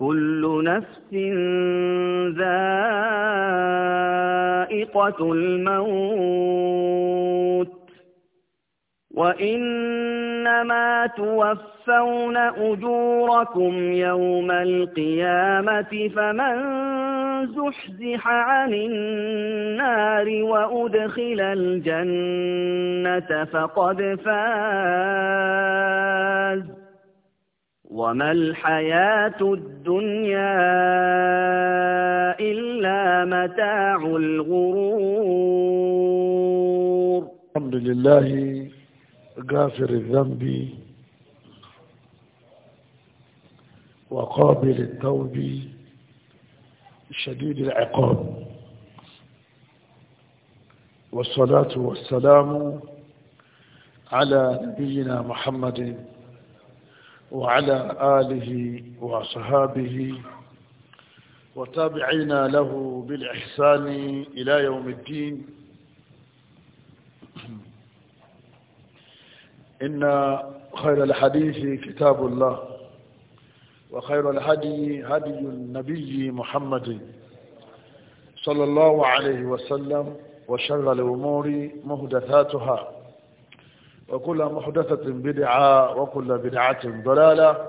كل نفس ذائقة الموت وإنما توفون أجوركم يوم القيامة فمن زحزح عن النار وأدخل الجنة فقد فاز وما الحياة الدنيا إلا متاع الغرور الحمد لله غافر الذنب وقابل التوب شديد العقاب والصلاة والسلام على نبينا محمد وعلى آله وصحابه وتابعينا له بالإحسان إلى يوم الدين إن خير الحديث كتاب الله وخير الهدي هدي النبي محمد صلى الله عليه وسلم وشر الأمور مهدثاتها وكل محدثة بدعاء وكل بدعة ضلالة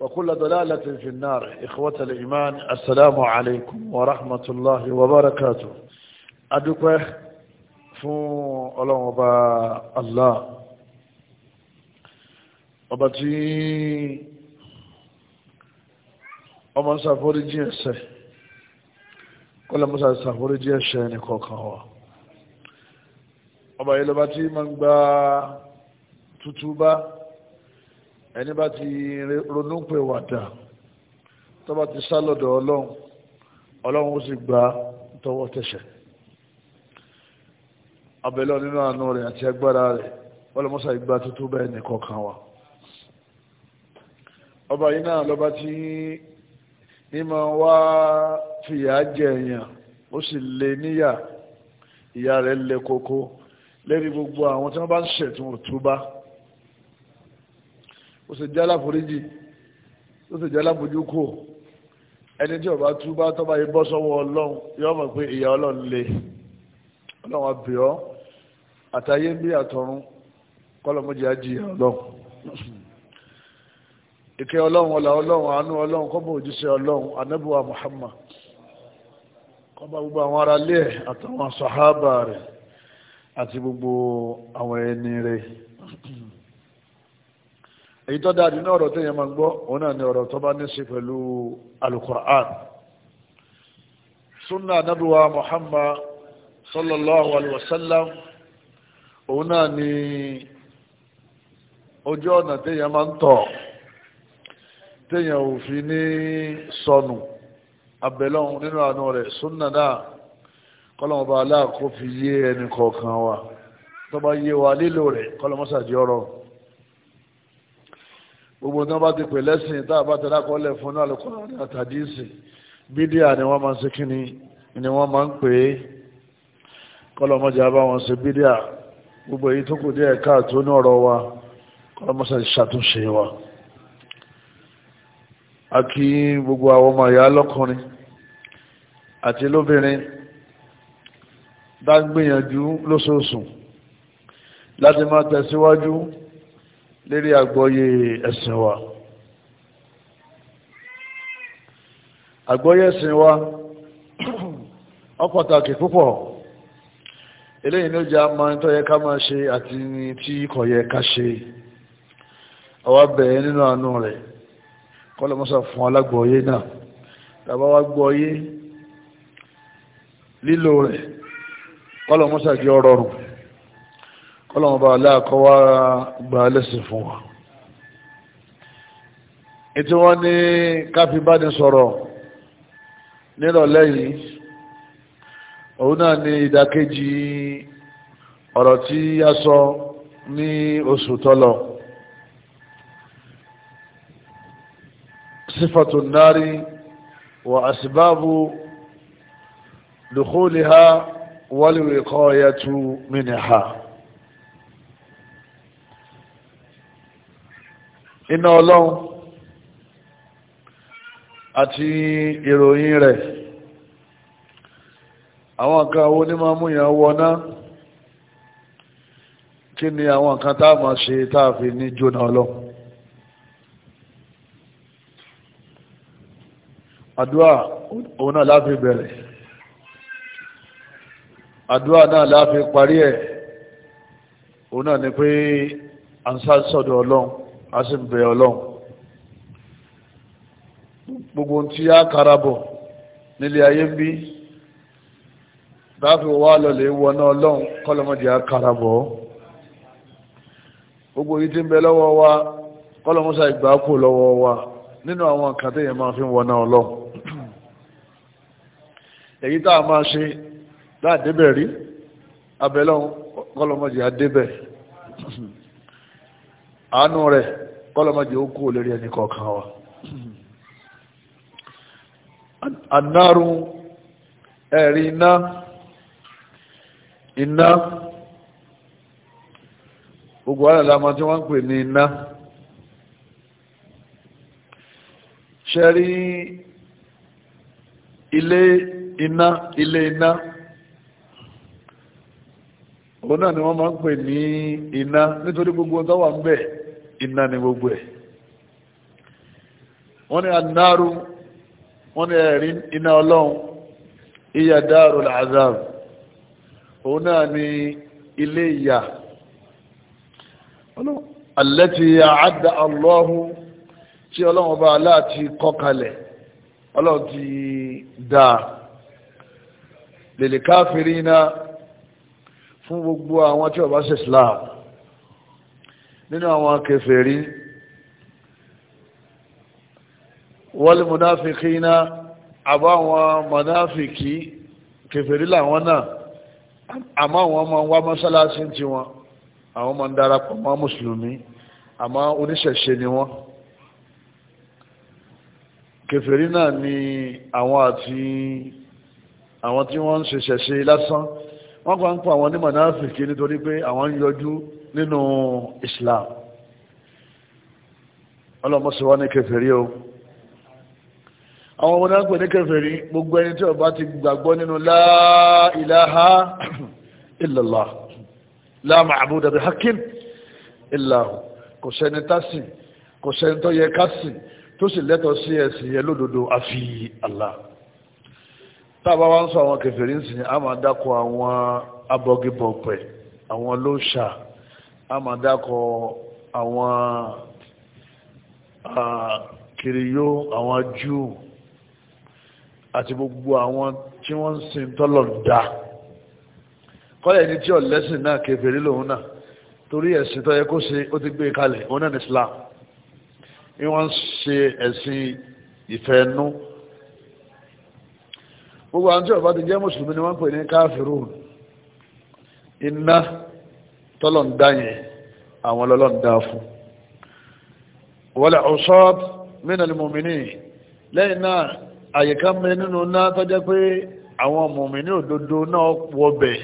وكل ضلالة في النار إخوة الإيمان السلام عليكم ورحمة الله وبركاته أدوك فون الله وبا الله وبتي ومن سافر جيسه كل مسافر جيسه نكوكا هو ọba yìí lọba tí ma ń gba tuntun bá ẹni bá ti ronúpẹ̀wàdà tọ́ba ti sá lọ́dọ̀ ọlọ́run ọlọ́run ó sì gba tọwọ́ tẹ̀sẹ̀ abẹ́lẹ́ nínú àánú rẹ̀ àti agbára rẹ̀ ọlọ́mọ́sà ìgbà tuntun bẹ́ẹ̀ nìkan kan wa ọba yìí náà lọba tí ní ma wá fìyà jẹ èèyàn ó sì lé níyà ìyá rẹ̀ lé koko lẹ́rí gbogbo àwọn tí wọ́n bá ń ṣẹ̀ tí wọ́n tó bá ó sì jẹ́ aláforíjì ó sì jẹ́ alábòjúkò ẹni tí ọba tú bá tọ́ba yìí bọ́ sọ́wọ́ ọlọ́run yóò mọ̀ pé ìyá ọlọ́run le ọlọ́run àbẹ̀ ọ́ àtàyé bí àtọ̀run kọ́lọ́mọ́jì á jìyà ọlọ́run ìkẹ́ ọlọ́run ọlà ọlọ́run àánú ọlọ́run kọ́bọ̀ òjíṣẹ́ ọlọ́run anábùwà Muhammad kọ́bọ̀ gbogbo àwọn ará ilé ẹ̀ àtàwọn sàhábà rẹ̀ àti gbogbo àwọn ẹni rẹ̀ èyí tó dáadì ní ọ̀rọ̀ tó yẹ máa gbọ́ òun náà ni ọ̀rọ̀ tó bá ní sí pẹ̀lú alukur'an sunna anabiwa muhammad sallallahu alaihi wasallam òun náà ni ojú ọ̀nà téèyàn máa ń tọ̀ téèyàn ò fi ní sọnù abẹ́lọ́hun nínú àánú rẹ̀ sunna náà kọ́lọ́mọ bá aláàkó fi yé ẹni kọ̀ọ̀kan wa tó bá yé wa lílò rẹ̀ kọ́lọ́mọ sàdí ọ̀rọ̀ gbogbo tí wọ́n bá ti pè lẹ́sìn tá a bá tẹ̀lé akọ́lẹ̀ fún náà lọ́kọ́lọ́ ní àtàdísì bídíà ni wọ́n máa ń ṣe kíni ni wọ́n máa ń pè é kọ́lọ́mọ jẹ́ bá wọn ṣe bídíà gbogbo èyí tó kù díẹ̀ káàtó ní ọ̀rọ̀ wa kọ́lọ́mọ sàdí ṣàtúnṣe wa a kí gbogbo àwọn ọmọ ìyá lọ́kùnrin àti lóbìnrin dágbìyànjú lóṣooṣù láti máa tẹ̀síwájú lérí àgbọ́yé ẹ̀sìn wa àgbọ́yé ẹ̀sìn wa ó pàtàkì púpọ̀ eléyìí ló jẹ́ a máa tó yẹ ká máa ṣe àti tí kò yẹ ká ṣe àwa bẹ̀ẹ́ nínú àánú rẹ̀ kọ́lọ̀mọ́sà fún alágbọ́yé náà tàbá wá gbọ́yé lílò rẹ̀ kọ́lọ̀ mọ́sá jẹ́ ọrọ̀rùn kọ́lọ̀ ọba aláàkọ́wà gba lẹ́sìn fún wa ètí wọ́n ní káfí bá ní sọ̀rọ̀ nírọ̀lẹ́ yìí òun náà ní ìdákejì ọ̀rọ̀ tí a sọ ní oṣù tọ́lọ̀ sífàtò nárí wà àsìbáàbù dùkúlìhá wal-wiqāyatu minhā iná ọlọ́run àti ìròyìn rẹ̀ àwọn kan wo ní máa mú yàn wọná kí ni àwọn kan tá a máa ṣe tá a fi ní jóná ọlọ́run àdúrà òun náà láfi bẹ̀rẹ̀ àdúrà náà láfi parí ẹ̀ òun náà ni pé à ń sá sọ́dọ̀ ọlọ́run a sì ń bẹ ọlọ́run gbogbo tí a kára bọ̀ nílé ayé ń bí dáàfi wà lọ́lẹ̀ wọná ọlọ́run kọ́lọ́mọdé a kára bọ̀ gbogbo yìí ti ń bẹ lọ́wọ́ wa kọ́lọ́mọsá ìgbà kò lọ́wọ́ wa nínú àwọn kàtẹ́yìn máa fi wọná ọlọ́run èyí tá a máa ṣe láàdébẹ̀ rí abẹ́lọ́hún kọ́lọ́mọdé adébẹ̀ àánú rẹ̀ kọ́lọ́mọdé ó kú olórí ẹni kọ̀ọ̀kan wa anárun ẹ̀rí iná iná gbogbo alàlámà tí wọ́n ń pè ní iná ṣe rí ilé iná ilé iná òun náà ni wọ́n máa ń pè ní iná nítorí gbogbo ohun wà ń bẹ̀ iná ni gbogbo ẹ̀ wọ́n ní anáru wọ́n ní ẹ̀rí iná ọlọ́run ìyà dáàrò làzab òun náà ni ilé ìyà alẹ́tì àádá ọlọ́hu tí ọlọ́run ọba láti kọkalẹ̀ ọlọ́run ti dáa lèlè káfírí fún gbogbo àwọn tí ó bá ṣe Islam nínú àwọn kèfèrí wal munafikina àbáwọn mọ̀náfìkì kèfèrí làwọn náà àmọ́ àwọn ọmọ wa mọ́sálásí ti wọn àwọn ọmọ ń darapọ̀ mọ́ mùsùlùmí àmọ́ oníṣẹ̀ṣe ni wọ́n kèfèrí náà ni àwọn àti àwọn tí wọ́n ń ṣẹ̀ṣẹ̀ṣe lásán wọ́n gbà ń pọ̀ àwọn onímọ̀ náà fìkì nítorí pé àwọn ń yọjú nínú Islam ọlọ́mọsí wá ní kèfèrí o àwọn ọmọ náà pè ní kèfèrí gbogbo ẹni tí ó bá ti gbàgbọ́ nínú la ilaha illallah la ma'buda bi kò sẹ́ni tásì kò sẹ́ni tó yẹ kásì tó sì lẹ́tọ̀ọ́ sí ẹ̀sìn yẹ lódodo àfi Allah tábà wá ń sọ àwọn kẹfẹ́rí ń sìn á máa dákọ àwọn abọ́gibọ̀pẹ̀ àwọn lóṣà á máa dákọ àwọn kiriyó àwọn júù àti gbogbo àwọn tí wọ́n ń sìn tọ́lọ̀ dá kọ́lẹ̀ ní tí ọ̀lẹ́sìn náà kẹfẹ́rí lòun náà torí ẹ̀sìn tó kó ṣe ó ti gbé e kalẹ̀ òun náà ní Islam ni wọ́n ń ṣe ẹ̀sìn ìfẹ́ gbogbo àwọn tí ọba ti jẹ́ mùsùlùmí ni wọ́n pè ní káfírù iná tọ́lọ̀ ń dá yẹn àwọn lọ́lọ́ ń dá fún wala usab min al lẹ́yìn náà àyíká mi nínú ná tọ́jẹ́ pé àwọn mùmìnì òdodo náà wọbẹ̀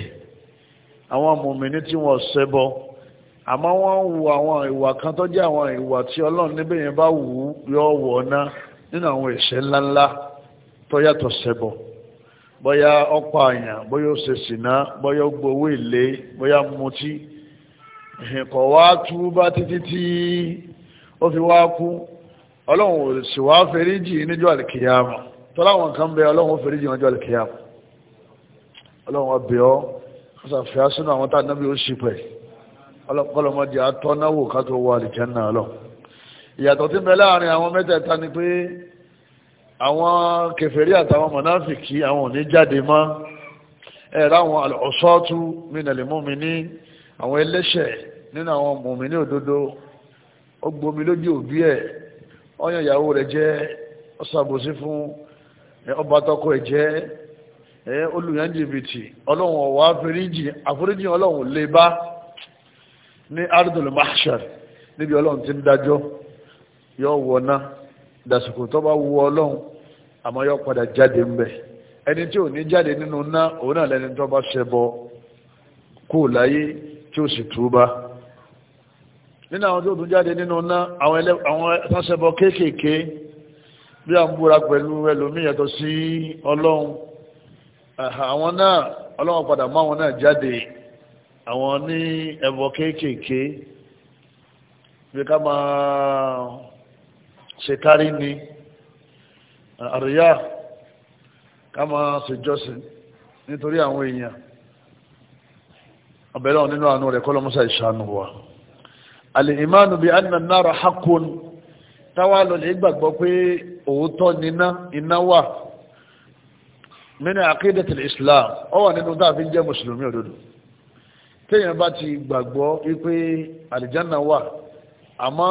àwọn mùmìnì tí wọ́n ṣẹbọ àmọ́ wọ́n wu àwọn ìwà kan tọ́jẹ́ àwọn ìwà tí ọlọ́run níbẹ̀ yẹn bá wù ú bóyá ọkọ̀ àyàn bóyá ó ṣe sìná bóyá ó gbowó èlé bóyá mutí kọ̀ wá tú bá títí tí ó fi wá kú ọlọ́run ò sì wá fẹ́ríjì níjọ́ àlìkìyàmù tọ́láwọn kan bẹ ọlọ́run ó fẹ́ríjì níjọ́ àlìkìyàmù ọlọ́run ọbẹ̀ ọ́ ṣàfihà sínú àwọn tá nábì ó sì pẹ̀ ọlọ́mọdé atọ́náwò ká tó wọ àlìjẹ́ náà ìyàtọ̀ tí bẹ láàrin àwọn mẹ́tẹ̀ẹ̀ta ni pé àwọn kèfèrí àtàwọn mọ̀náfìkì àwọn òní jáde mọ́ ẹ̀rá àwọn ọ̀ṣọ́tú mínàlèmọ́mi ní àwọn ẹlẹ́ṣẹ̀ nínú àwọn mọ̀mí ní òdodo ó gbomi lójú òbí ẹ̀ ọyàn ìyàwó rẹ̀ jẹ́ ọ̀sàbòsí fún ọba tọkọ ẹ̀ jẹ́ olùyàn jìbìtì ọlọ́run ọ̀wọ́ àforíjì àforíjì ọlọ́run lè bá ní ardul mahshar níbi ọlọ́run ti ń dájọ́ yọ wọ̀ náà dàsìkò tó bá wu ọlọ́run àmọ́ yóò padà jáde ń bẹ̀ ẹni tí ò ní jáde nínú ná òun náà lẹni tó bá ṣẹbọ kú láyé tí ó sì nínú àwọn tó tún jáde nínú ná àwọn ẹlẹ́ṣẹbọ kéékèèké bí a ń búra pẹ̀lú ẹlòmíì yàtọ̀ sí ọlọ́run àwọn náà ọlọ́run padà àwọn náà jáde àwọn ní ẹbọ kéékèèké bí ṣèkárí ni àríyá ká máa ṣèjọsìn nítorí àwọn èèyàn abẹ́lẹ́ wọn nínú àánú rẹ̀ kọ́lọ́mọ́sá ìṣàánú wa alìmánu bí anna nára hakun táwa lọ lè gbàgbọ́ pé òótọ́ níná iná wà mínú àkídẹ̀tì islam ó wà nínú dáàfi jẹ́ mùsùlùmí òdodo téèyàn bá ti gbàgbọ́ wípé àlìjánà wà àmọ́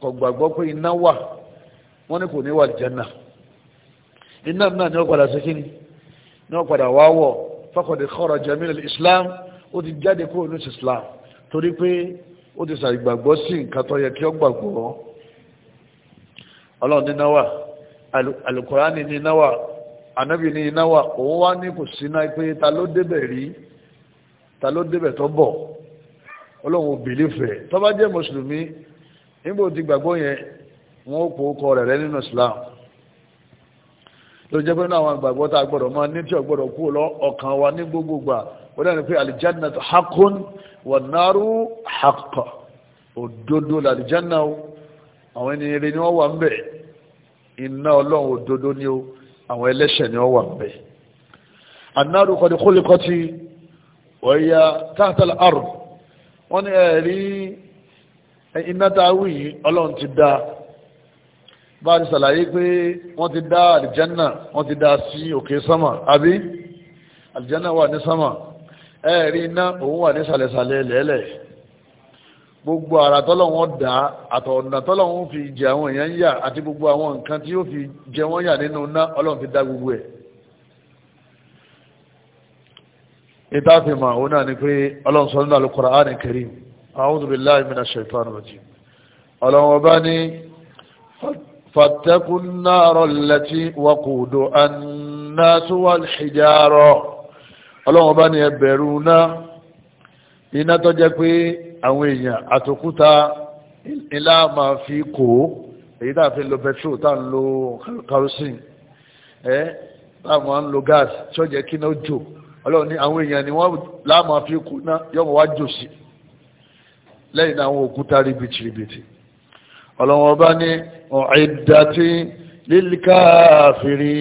kò gbàgbọ́ pé iná wà wọ́n ní kò ní wà àlìjánà iná náà ni wọ́n padà sí kíni ni wọ́n padà wá wọ̀ faqad kharaja min al-islam ó ti jáde kúrò ní islam torí pé ó ti ṣàìgbàgbọ́ sí nǹkan tó yẹ kí ó gbàgbọ́ ọlọ́run ní náwà alukurani ní náwà anabi ní náwà òun wá ní kò síná pé ta ló débẹ̀ rí ta ló débẹ̀ tó bọ̀ ọlọ́run ò bìlífẹ̀ẹ́ tó mùsùlùmí nígbà ti gbàgbọ́ yẹn wọn ó pòókọ rẹ̀ rẹ̀ nínú islam ló jẹ́ pé náà àwọn àgbàgbọ́ tá a gbọ́dọ̀ máa ní tí ó gbọ́dọ̀ kú lọ ọkàn wa ní gbogbogbà ó dẹ́nu pé alìjánà hakun wà náírù hakọ òdodo làlìjánà o àwọn ènìyàn ni wọ́n wà ń bẹ̀ iná ọlọ́run òdodo ni o àwọn ẹlẹ́ṣẹ̀ ni wọ́n wà ń bẹ̀ anáàrù kọ́ni kólékọ́tì ọ̀ya táàtàlà àrùn wọ́n ní ẹ̀rí iná tá ọlọ́run ti dáa bá a ti sàlàyé pé wọ́n ti dá àlìjánà wọ́n ti dá sí òkè sánmà àbí àlìjánà wà ní sánmà ẹ̀ẹ̀rí iná òun wà ní sàlẹ̀sàlẹ̀ lẹ́lẹ̀ gbogbo àrà tọ́lọ́wọ́n dá àtọ̀ọ̀nà tọ́lọ́wọ́n fi jẹ àwọn èèyàn yà àti gbogbo àwọn nǹkan tí ó fi jẹ wọ́n yà nínú iná ọlọ́run fi dá gbogbo ẹ̀ ọlọ́run ọba ní فاتقوا النار التي وقودها الناس والحجارة ọlọ́run bá ní ẹbẹ̀rún náà iná tó jẹ́ pé àwọn èèyàn àtòkúta ilá máa fi kò èyí tá a fi lo petrol tá a ń lo kerosene ẹ tá a máa ń lo gas tí ó jẹ́ kí náà jò ọlọ́run ní àwọn èèyàn ni wọ́n láà máa fi kò náà yọ̀mọ̀ wá jò sí lẹ́yìn náà àwọn òkúta ríbitìribitì ọlọ́wọ́ bá ní ọ̀ẹ́dàtí lílìkáàfìrí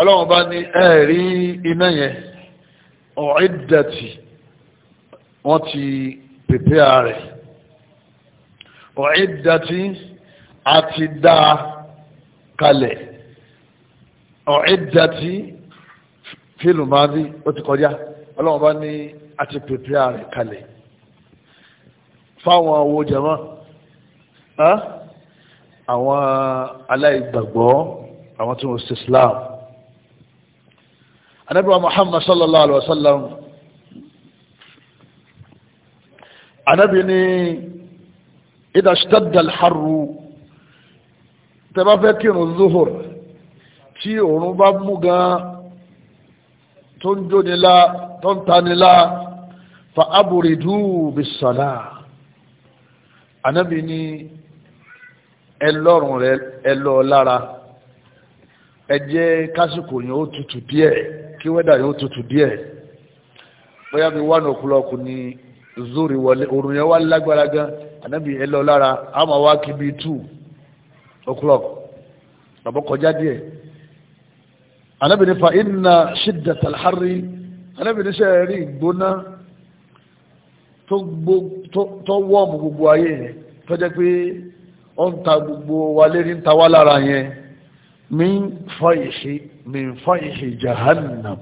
ọlọ́wọ́ bá ní ẹ̀rí iná yẹn ọ̀ẹ́dàtí wọ́n ti pèpè ààrẹ ọ̀ẹ́dàtí a ti dá kalẹ̀ ọ̀ẹ́dàtí fílù máa bí ó ti kọjá ọlọ́wọ́ bá ní a ti pèpè ààrẹ kalẹ̀ fáwọn owó jẹmọ́ àwọn aláìgbàgbọ́ àwọn tí wọ́n ṣe Islam anábìwá Muhammad sallallahu alaihi wa sallam anábì ní ìdásítàdà alḥarru tẹ́bá fẹ́ kírun zuhur tí òòrùn bá mú gan tó ń jónilá tó ń tanilá fa aburidu bisala anábì ní ẹlọ́run rẹ ẹlọ́ lára ẹ jẹ́ kásìkò yẹn ó tutù díẹ̀ kí wẹ́dà yẹn ó tutù díẹ̀ bóyá mi wà ní ni zuri wọlé òrùn yẹn wà lágbára gan ànábì ẹlọ́ lára àmọ́ wá kí bíi two o'clock bàbá kọjá díẹ̀ ànábì nípa inna shiddat al-harri ànábì níṣẹ́ rí ìgbóná tó wọ́ọ̀mù gbogbo ayé yẹn tó jẹ́ pé ó ń ta gbogbo wa lérí ń ta wá lára yẹn min fayhi min fayhi jahannam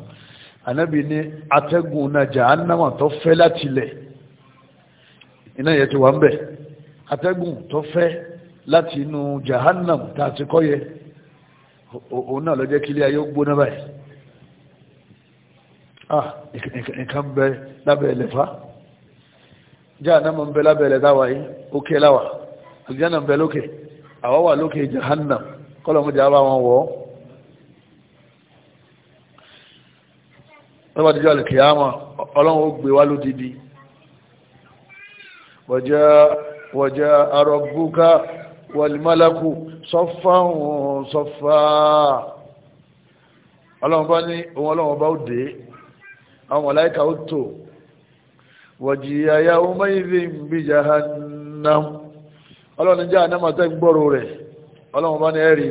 anabi ní atẹ́gùn náà jahannam tó fẹ́ látilẹ̀ iná yẹn ti wà ń bẹ̀ atẹ́gùn tó fẹ́ láti inú jahannam tá a ti kọ́ yẹ òun náà ló kílé ayé gbóná báyìí ah nǹkan bẹ lábẹ́ ẹ̀lẹ́fà jahannam ń bẹ lábẹ́ ẹ̀lẹ́ táwa yìí ó kẹ́ láwàá aljanna bẹ lókè àwa wà lókè jahannam kọlọmọdé ara wọn wọ lọ́wọ́ díjọ́ alìkìyàmà ọlọ́run ó gbé wá lódìdí wọ̀jẹ́ arọ̀búká wọlìmọ́lákù sọ́fáhùn sọ́fá ọlọ́run bá ní ohun ọlọ́run bá ó dé àwọn mọ̀láíkà ó tò wọ̀jì àyà ọmọ jahannam ọlọ́run jẹ́ àdámà tẹ́ gbọ́rò rẹ̀ ọlọ́run bá ní ẹ̀rí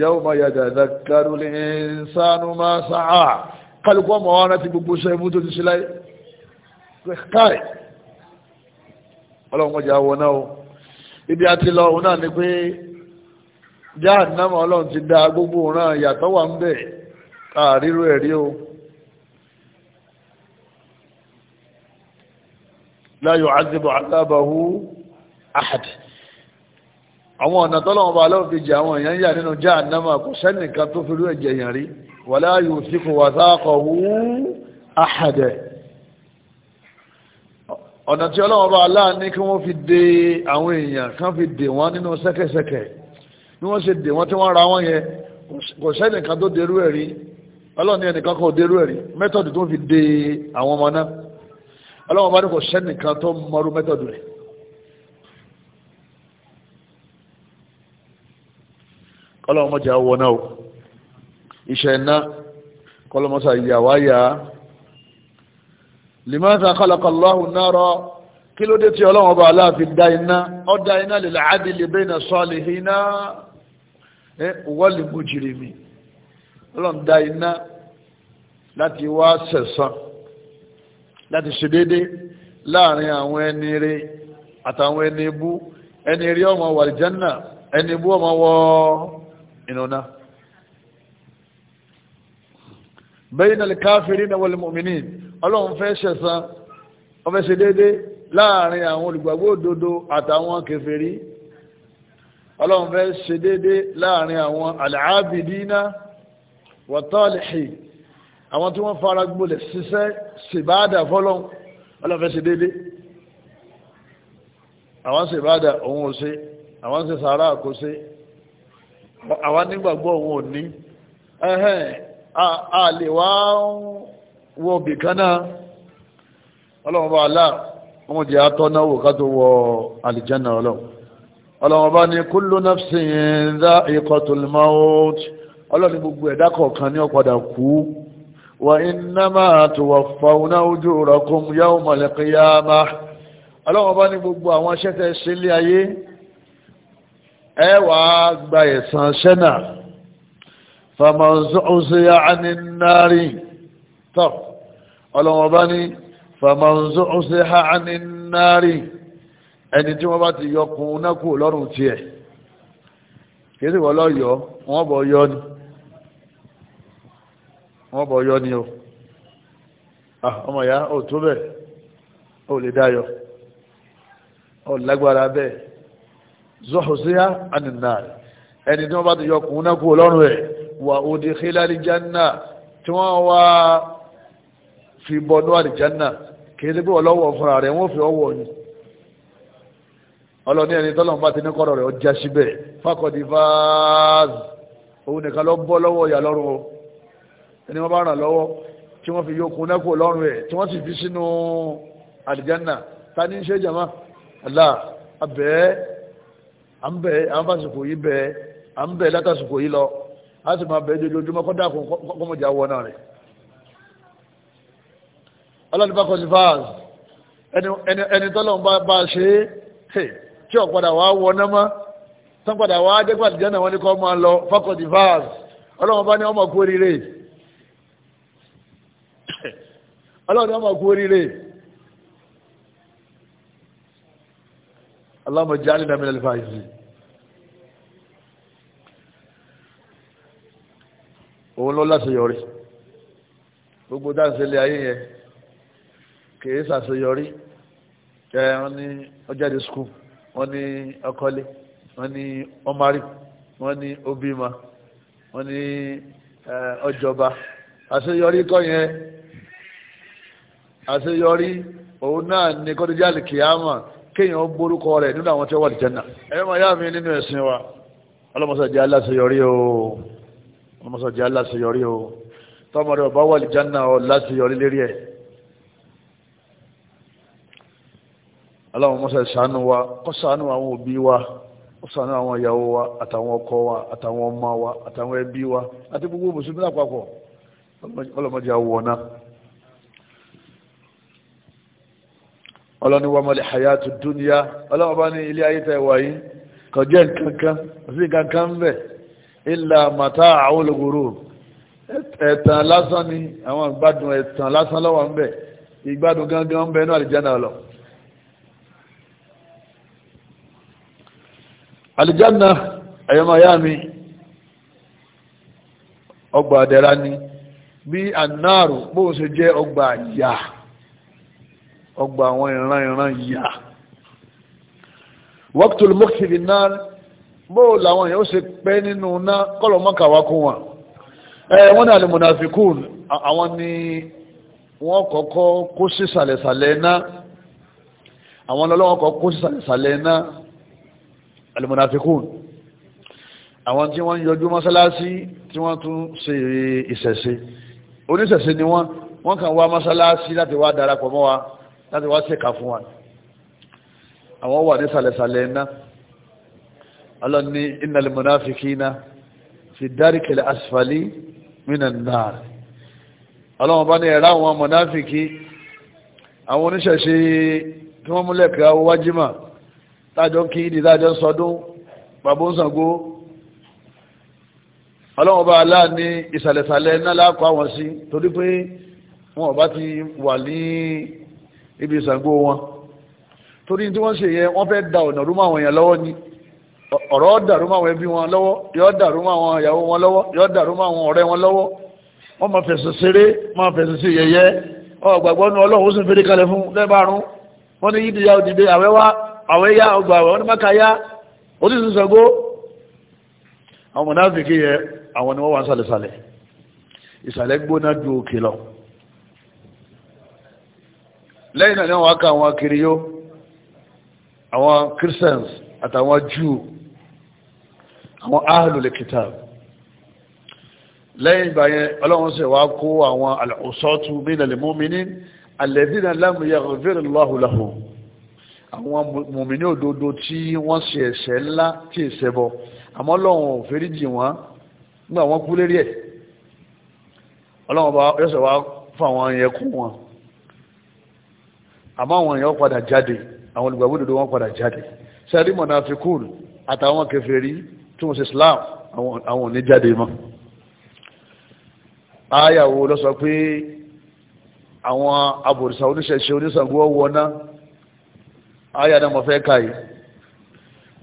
yawma yatadhakkaru al-insanu ma sa'a kálukú ọmọ wa láti gbogbo sẹ́ẹ̀mú tó ti síláyé káì ọlọ́run mọ́jà wọ náà o ibi àti lọ òun náà ni pé jáà náà ọlọ́run ti dá gbogbo òun náà yàtọ̀ wà ń bẹ̀ káà rírú ẹ̀rí o. la yu'adhibu 'adhabahu ahad àwọn ọ̀nà tọ́lọ̀wọ̀n bá lọ́wọ́ fi jẹ àwọn èèyàn yà nínú jahannama kò sẹ́nìkan tó fi rú ẹ̀jẹ̀ yàn rí wala yusiku wathaqahu ahad ọ̀nà tí ọlọ́wọ́n bá aláà ní kí wọ́n fi dé àwọn èèyàn kan fi dè wọ́n nínú sẹ́kẹ̀sẹ̀kẹ̀ bí wọ́n ṣe dè wọ́n tí wọ́n ra wọ́n yẹ kò sẹ́nìkan tó derú ẹ̀rí ọlọ́ni ẹnìkan kan derú ẹ̀rí mẹ́tọ̀dù tó fi dé àwọn ọmọ náà ọlọ́wọ́n bá ní kò sẹ́nìkan tó mọ́rú mẹ́tọ̀dù rẹ̀ ọlọ́wọ́n mọ́jà wọ náà o iṣẹ́ iná kọlọmọ́sà ìyàwáyà limáta kọlọkọlọ́hù náà kí ló dé tí ọlọ́wọ́n bá aláàfin dá iná ọ dá iná lè àdì lè bẹ́ẹ̀ náà sọ́ọ̀lì iná wọ́ọ̀lì mú jìrì dá iná láti wá sẹ̀sán láti ṣe déédéé láàrin àwọn ẹni rẹ àtàwọn ẹni bú ẹni rí ọmọ wọ àlìjánà ẹni bú ọmọ wọ ìnùnà. bẹ́yìn náà káfíìrì náà wọlé mọ̀mìnì ọlọ́run fẹ́ ṣẹ̀san ó fẹ́ ṣe déédéé láàrin àwọn olùgbàgbọ́ òdodo àtàwọn kèfèrí ọlọ́run fẹ́ ṣe déédéé láàrin àwọn àlàábìdínà wọ́tọ́ọ̀lì àwọn tí wọ́n fara gbolẹ̀ ṣiṣẹ́ ṣèbáàdà fọ́lọ́n ọlọ́fẹ́ ṣe déédé àwọn ṣèbáàdà òun ò ṣe àwọn ṣe sàárà kò ṣe àwọn nígbàgbọ́ òun ò ní ẹ̀hẹ́n a lè wá wọ bìkan náà ọlọ́run bá aláà wọ́n jẹ́ atọ́náwò ká tó wọ àlìjẹ́nà ọlọ́run ọlọ́run bá ní kullu nafsin dha'iqatul maut ọlọ́run gbogbo ẹ̀dá kọ̀ọ̀kan ní ó kú وإنما توفون أجوركم يوم القيامة ọlọ́wọ́ bá ní gbogbo àwọn ṣẹ́tẹ̀ sílé ayé ẹ wá gba ẹ̀san ṣẹ́nà fàmọ̀nzọ́ọ̀sẹ̀ àánínárì tọ́ ọlọ́wọ́ bá ní fàmọ̀nzọ́ọ̀sẹ̀ àánínárì ẹni tí wọ́n bá ti yọ kún náà kú lọ́rùn tiẹ̀ kí wọ́n bọ̀ yọ ni o ah, ọmọ ìyá ò tó bẹ̀ ò lè dáyọ ò lágbára bẹ́ẹ̀ zọ́hùsíyá ànìnà ẹni tí wọ́n bá ti yọ kùn náà kú lọ́rùn ẹ̀ wà òdì hílàlì jánà tí wọ́n wá fi bọ́nú àlìjánà kìí sí pé ọlọ́wọ́ fúnra rẹ̀ wọ́n fi ọwọ́ ni ọlọ́ni ẹni tọ́lọ́n bá ti ní kọ́rọ̀ rẹ̀ ọjà síbẹ̀ fákọ̀dì fáàz òun nìkan lọ bọ́ lọ́wọ́ ìyà o ẹni wọ́n bá ràn lọ́wọ́ tí wọ́n fi yókun nẹ́kù lọ́rùn ẹ̀ tí wọ́n sì fi sínú àlìjánà ta ní ṣe jama Allah abẹ́ àmbẹ́ àmbásìkò yìí bẹ́ àmbẹ́ látàsìkò yìí lọ a sì máa bẹ́ẹ̀ lójúmọ́ kọ́ dákun kọ́mọ̀já wọ náà rẹ̀ ọlọ́dúnbá kọ́ sí fáàz ẹni tọ́lọ́n bá ṣe é tí ó padà wá wọ náà mọ́ tán padà wá dẹ́gbàdìjánà wọn ni kọ́ máa lọ fákọ̀dì fáàz ọlọ́wọ́n bá ní ọmọ kú oríire ọlọ́run ọmọ kú oríire alámọ̀já ní nàmínà lè fàájì òun ló láṣeyọrí gbogbo dáńsẹ̀lẹ̀ ayé yẹn kìí ṣàṣeyọrí ẹ wọ́n ní ọjáde skul wọ́n ní ọkọlé wọ́n ní ọmọrí wọ́n ní obìma wọ́n ní ọjọba àṣeyọrí kọ́ yẹn àṣeyọrí òun náà ní kọ́díjà lè kìyàmà kéèyàn gbórúkọ rẹ̀ nínú àwọn tí wọ́n wà lìjẹ́nà ẹ̀rọ máa yá mi nínú ẹ̀sìn wa ọlọ́mọsọ̀jẹ́ aláṣeyọrí o ọlọ́mọsọ̀jẹ́ aláṣeyọrí o tọ́mọdé ọba wà lìjẹ́nà ọ láṣeyọrí lérí ẹ̀ aláwọ̀mọ́sọ̀ ṣàánú wa kó ṣàánú àwọn òbí wa kó ṣàánú àwọn ìyàwó wa àtàwọn ọkọ wa àtàwọn ọmọ wa àtàwọn ẹbí wa àti gbogbo mùsùlùmí ọlọ́ni wọ́n mọ̀lẹ̀ hayatu dúnìyà ọlọ́wọ́ bá ní ilé ayé tẹ̀wà yìí kọjẹ́ nǹkankan sí nǹkankan ń bẹ̀ ilà màtá àwọn olùgbòrò ẹ̀tàn lásán ni àwọn ìgbádùn ẹ̀tàn lásán lọ́wọ́ ń bẹ̀ ìgbádùn gangan ń bẹ̀ inú àlìjáná lọ. àlìjáná ẹ̀yọ́mọ̀yá mi ọgbà àdẹ̀rà ni bí anáàrù bóun ṣe jẹ́ ọgbà àyà ọgbà àwọn ìran ìran yà waqtul muqtidin náà bóò làwọn èèyàn ó ṣe pẹ́ nínú náà kọ́lọ̀ mọ́kàwá kún wọn ẹ wọ́n ní alimunafikun àwọn ni wọ́n kọ́kọ́ kó sí sàlẹ̀sàlẹ̀ náà àwọn ọlọ́wọ́ kọ́ kó sí sàlẹ̀sàlẹ̀ náà alimunafikun àwọn tí wọ́n ń yọjú mọ́sálásí tí wọ́n tún ṣe ìṣẹ̀ṣe oníṣẹ̀ṣe ni wọ́n wọ́n kàn wá mọ́sálásí láti wá darapọ̀ mọ́ wa láti wá ṣèkà fún wa àwọn wà ní sàlẹ̀sàlẹ̀ iná ọlọ́ni innal munafikina fi darikil asfali minan nar ọlọ́wọ́n bá ní ẹ̀rá àwọn munafiki àwọn oníṣẹ̀ṣe tí wọ́n múlẹ̀ kí wọ́n wájímà tájọ́ kí ní tájọ́ sọdún bàbá ń sàngó ọlọ́wọ́n bá aláà ìsàlẹ̀sàlẹ̀ iná láàkọ́ àwọn sí torí pé wọ́n bá ti wà ní ibi ìsàngó wọn torí tí wọ́n ṣe yẹn wọ́n fẹ́ da ọ̀nà rúmọ́ àwọn èèyàn lọ́wọ́ ni ọ̀rọ̀ dàrú mọ́ àwọn ẹbí wọn lọ́wọ́ yọ́ dàrú mọ́ àwọn ìyàwó wọn lọ́wọ́ yọ́ dàrú mọ́ àwọn ọ̀rẹ́ wọn lọ́wọ́ wọ́n máa fẹ̀sùn ṣeré máa fẹ̀sùn sí yẹ̀yẹ́ ọgbàgbọ́ nu ọlọ́run ó sì fèrè kalẹ̀ fún lẹ́bàárún wọ́n ní yídìí ya òdìdé àwẹ́ wá àwẹ́ ọgbà lẹ́yìn náà ni wọ́n ká àwọn kiriyó àwọn christians àtàwọn jew àwọn ahlul kitab lẹ́yìn ìgbà yẹn ọlọ́run sì wá kó àwọn al-usatu minal mu'minin alladhina lam yaghfir Allahu lahum àwọn mùmíní òdodo tí wọ́n ṣe ẹ̀ṣẹ̀ ńlá tí ẹ̀ṣẹ̀ bọ̀ àmọ́ ọlọ́run ò fẹ́ríjì wọ́n nígbà wọ́n kú lérí ẹ̀ ọlọ́run bá yọ̀ṣẹ̀ wá fún àwọn yẹn wọn àmọ́ àwọn èèyàn padà jáde àwọn olùgbàgbọ́ òdodo wọn padà jáde sẹ́rí mọ̀nàfikún àtàwọn kèfèrí tí wọ́n ṣe Islam àwọn ò ní jáde mọ́ ayàwó lọ sọ pé àwọn abòrìṣà oníṣẹ̀ṣe oníṣàngó wọná ayà náà mọ̀ fẹ́ káyìí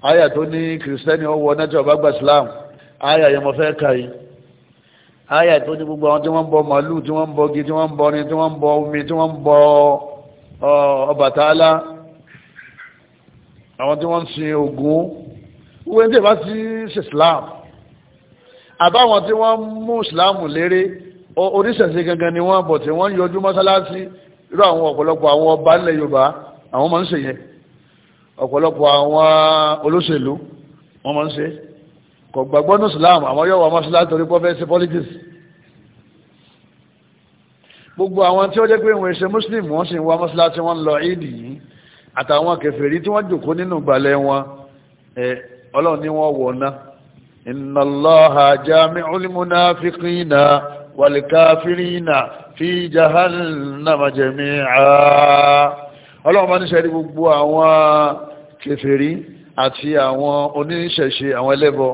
aya tó ní kìrìsìtẹ́nì ọwọ́ nájọ́ ọba gba islam aya yẹn mo fẹ́ ka yìí aya tó ní gbogbo àwọn tí wọ́n ń bọ màálù tí wọ́n ń bọ gi tí wọ́n ń bọ ni tí wọ́n ń bọ omi tí wọ́n ń bọ Ọbàtálá àwọn tí wọ́n ń sin Ògún wíwé ní tèbá sí Islam àbáwọn tí wọ́n mú Islam léré oníṣẹ̀ṣe gangan ni wọ́n bọ̀ tí wọ́n yọjú mọ́sálásí irú àwọn ọ̀pọ̀lọpọ̀ àwọn ọba ilẹ̀ Yorùbá àwọn máa ń ṣe yẹn ọ̀pọ̀lọpọ̀ àwọn olóṣèlú wọ́n máa ń ṣe kò gbàgbọ́ ní Islam àwọn yọ̀wọ̀ mọ́sálásí torí pọ́fẹ́sì politics gbogbo àwọn tí ó jẹ́ pé ìwọ̀n ìṣe muslim wọ́n sì ń wá mọ́sálásí wọn lọ ìdì yìí àtàwọn kèfèrí tí wọ́n jòkó nínú ìgbàlẹ̀ wọn ọlọ́run ni wọ́n wọ̀ ná inna Allaha jami'ul munafiqina wal kafirina fi jahannama jami'a ọlọ́run bá níṣẹ́ rí gbogbo àwọn kèfèrí àti àwọn oníṣẹ̀ṣe àwọn ẹlẹ́bọ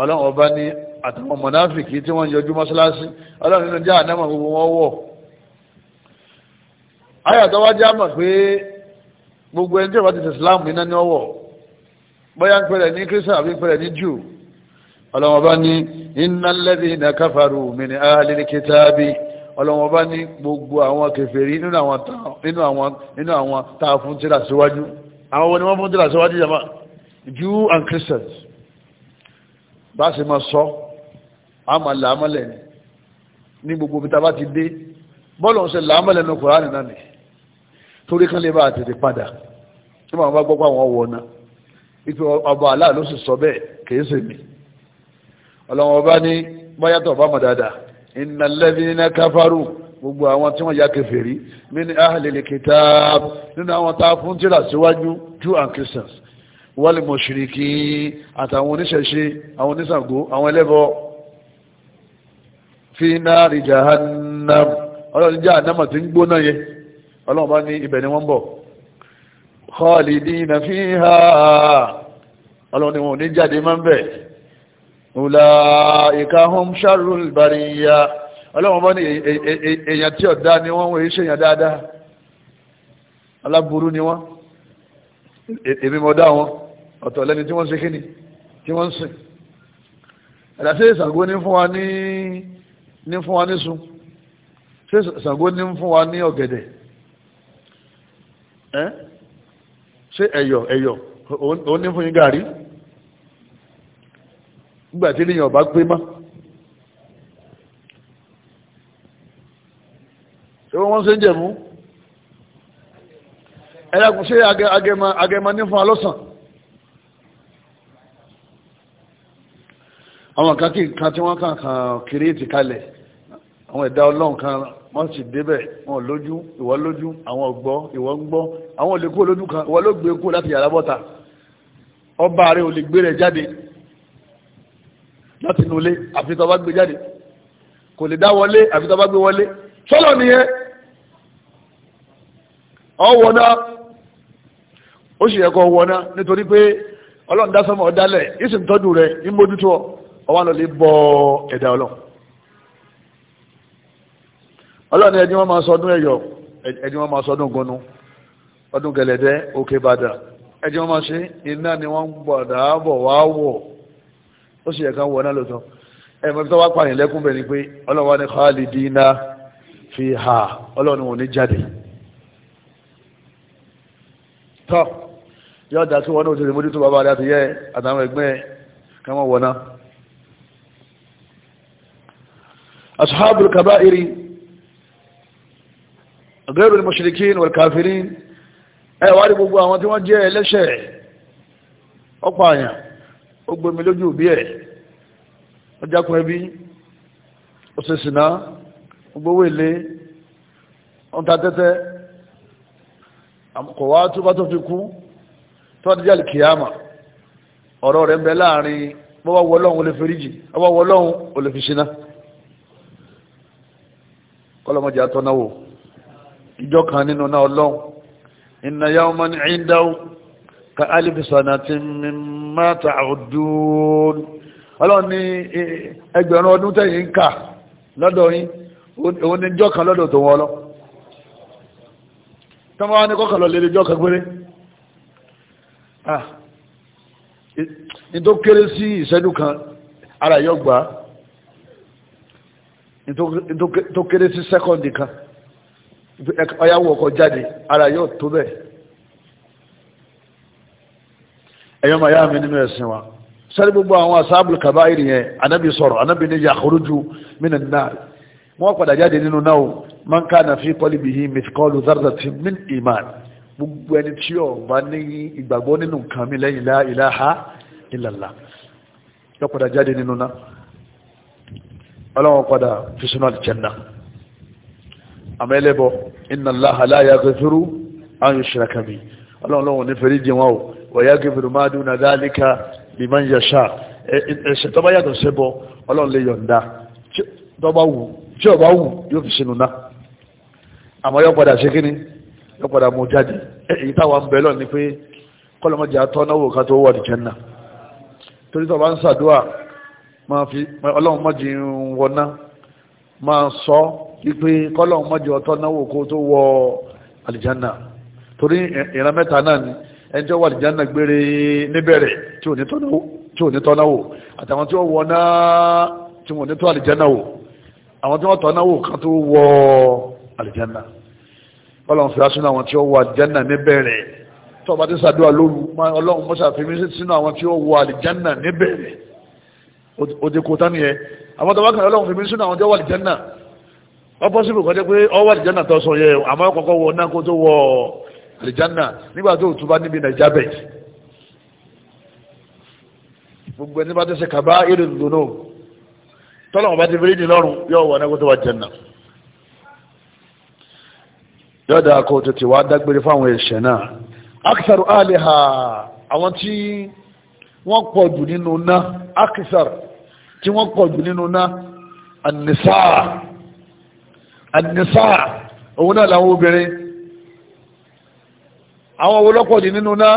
ọlọ́run ọba ní àtàwọn mọ̀náfìkì tí wọ́n yọjú mọ́sálásí ọlọ́run nínú jáà náà ayàtọ̀ wá já mọ̀ pé gbogbo ẹni tí ó bá ti sẹ̀sìláàmù iná ní ọwọ́ bóyá ń pẹ̀rẹ̀ ní kírísà àbí pẹ̀rẹ̀ ní jù ọlọ́wọ́n bá ní innal ladhina kafaru min ahlil kitabi ọlọ́wọ́n bá ní gbogbo àwọn kèfèrí nínú àwọn táà fún tíra síwájú àwọn wọn ni wọ́n fún tíra síwájú yàmá Jew and Christians bá sì máa sọ àmàlà àmàlẹ̀ ní gbogbo bí ta bá ti dé bọ́ọ̀lù ọ̀sẹ̀ làmàlẹ̀ ní Kùránì náà nìyí torí kan lè bá àtètè padà tí wọ́n bá gbọ́gbọ́ àwọn ọwọ́ náà ipe ọba aláà ló sì sọ bẹ́ẹ̀ kìí sì mí ọlọ́wọ́n ọba ní báyàtọ̀ bá mọ̀ dáadáa iná lẹ́bí iná káfárù gbogbo àwọn tí wọ́n ya kèfèrí mí ní ahàlèlè kìtà nínú àwọn tá a fún tíra síwájú Jew and Christians wọ́lì mọ̀ṣìrìkì àtàwọn oníṣẹ̀ṣe àwọn oníṣàngó àwọn ẹlẹ́bọ fi jahannam ọlọ́run jahannam ti ń gbóná yẹn ọlọ́run bá ní ibẹ̀ ni wọ́n ń bọ̀ khalidina fiha ọlọ́run ni wọn ò ní jáde máa ń bẹ̀ ulaika hum sharrul bariyya ọlọ́run bá ní èèyàn tí ọ̀dá ni wọ́n wọ́n ṣèyàn dáadáa aláburú ni wọ́n e, èmi mọ̀ dá wọn ọ̀tọ̀ lẹ́ni tí wọ́n ṣe kíni tí wọ́n sìn ẹ̀dá sí ní fún wa ní fún wa ní sun sí ìsàngó ní fún wa ní ọ̀gẹ̀dẹ̀ ẹ́ ṣé ẹ̀yọ̀ ẹ̀yọ̀ òun ní fún gàrí wọ́n wọ́n ṣe ń jẹ̀mú ẹ̀yàkùn ṣé agẹmọ ní fún alọ́sàn àwọn kan kí nǹkan tí wọ́n kàn kàn kiri àwọn ẹ̀dá ọlọ́run wọ́n sì débẹ̀ wọn lójú ìwọ lójú àwọn ọgbọ́ ìwọ ń gbọ́ àwọn olè kó lójú kan ìwọ ló gbé kó láti yàrá bọ́ta ọba rẹ ò lè gbé rẹ jáde láti inú ilé àfi tó bá gbé jáde kò lè dá wọlé àfi bá gbé wọlé sọ́lọ̀ nìyẹn ọwọ́ náà ó sì yẹ kó wọ nítorí pé ọlọ́run dá sọ́mọ́ ọ̀dálẹ̀ ìsìn tọ́jú rẹ̀ ń mójútó ọ ọwọ́ àlọ́ lè bọ ẹ̀dá ọlọ́run ọlọ́ni ẹni wọ́n máa sọdún ẹ̀yọ̀ ẹni wọ́n máa sọdún gbọnú ọdún gẹ̀lẹ̀dẹ́ òkè bàdà ẹni wọ́n máa ṣe iná ni wọ́n gbọ̀dá bọ̀ wá wọ̀ ó sì yẹ ká wọ̀ náà lóòótọ́ ẹ̀mọ́ tó wá pààyàn lẹ́kún bẹ̀ ni pé ọlọ́wọ́ ni khalidina fiha ọlọ́ni wọn ò ní jáde tọ́ yóò dá sí wọn náà tètè mójútó bàbá rẹ àtìyẹ àtàwọn ẹgbẹ́ káwọn wọ̀ náà ashabul kaba'iri غير المشركين والكافرين ẹ wá rí gbogbo àwọn tí wọ́n jẹ́ ẹlẹ́ṣẹ̀ ọ̀pọ̀ àyàn ó gbomi lójú òbí ẹ̀ ó jákun ẹbí ó ṣe sìná gbogbo èlé ó ń ta tẹ́tẹ́ kò wá túbá tó fi kú tó wá díjà kìyàmà ọ̀rọ̀ rẹ̀ ń bẹ láàrin bó bá wọ Ọlọ́run ó lè fi ríjì bó bá wọ Ọlọ́run ó lè fi ṣìnà kọ́lọ́mọdé àtọ́náwó ìjọ kan nínú náà ọlọ́run inna yawman indahu ka alifi sanatin mimma ta'udun ọlọ́run ní ẹgbẹ̀rún ọdún tẹ̀yìn ń kà lọ́dọ̀ yín òun ní ìjọ kan lọ́dọ̀ tó wọ́n lọ tọ́mọ́ wá ní kọ́kànlọ́ lè ìjọ kan péré nítorí kéré sí ìṣẹ́jú kan ara yóò gbà nítorí kéré sí sẹ́kọ̀ndì kan ọyáwó ọkọ̀ jáde ara yóò tó bẹ́ẹ̀ ẹ̀yọ́ máa yá mi nínú ẹ̀sìn wa sẹ́ni gbogbo àwọn asáàbùl kàbáyìrì yẹn anábì sọ̀rọ̀ anábì ní yàkúrújú mínà náà wọ́n padà jáde nínú náà man kana fi qalbihi mithqalu dharratin min iman gbogbo ẹni tí ó bá ní ìgbàgbọ́ nínú nǹkan mi lẹ́yìn la ilaha illallah yọ padà jáde nínú náà ọlọ́wọ́n padà fi sínú àlùjánnà àmọ́ ẹlẹ́bọ inna Allaha la yaghfiru an yushraka bihi ọlọ́run lọ́wọ́ ní fẹ́rí jẹ wọn o wa yaghfiru ma duna dhalika liman yasha ẹ̀ṣẹ̀ tó bá yàtọ̀ ṣẹbọ ọlọ́run lè yọ̀ǹda tó bá wù tí ó bá wù yóò fi sínú náà àmọ́ yóò padà ṣe kí wípé kọ́lọ́n mọ́jọ ọ̀tọ́ náwó kó tó wọ àlìjánà torí ìran mẹ́ta náà ni ẹni tí ó wọ àlìjánà gbére níbẹ̀rẹ̀ tí ò ní tọ́ náwó àtàwọn tí ó wọ náà tí wọ́n ní tọ́ àlìjánà wò àwọn tí wọ́n tọ́ náwó kan tó wọ àlìjánà kọ́lọ́n fi aṣọ àwọn tí ó wọ àlìjánà níbẹ̀rẹ̀ tó bá ti sàdúrà lóru ọlọ́run mọ́ṣà fi mí sínú àwọn tí ó wọ àlìjánà níbẹ̀rẹ̀ ọpọsibù kọjá pé ọwọ́ àlìjánà tó sọ yẹ àmọ́ kọ́kọ́ wọ náà kó tó wọ àlìjánà nígbà tó tún bá níbi nàìjà bẹ̀ gbogbo ẹni bá tẹsẹ̀ kaba irè lónà tọ́lọ̀ wọn bá ti fẹ́rẹ́ ní lọ́rùn yóò wọ náà kó tó wà jẹ́nà yóò dáa kó tètè wá dágbére fáwọn ẹ̀ṣẹ̀ náà akisar aliha àwọn tí wọ́n pọ̀ jù nínú náà akisar tí wọ́n pọ̀ jù nínú náà anisa àdìsáà òun náà làwọn obìnrin àwọn owó lọ́pọ̀ dì nínú náà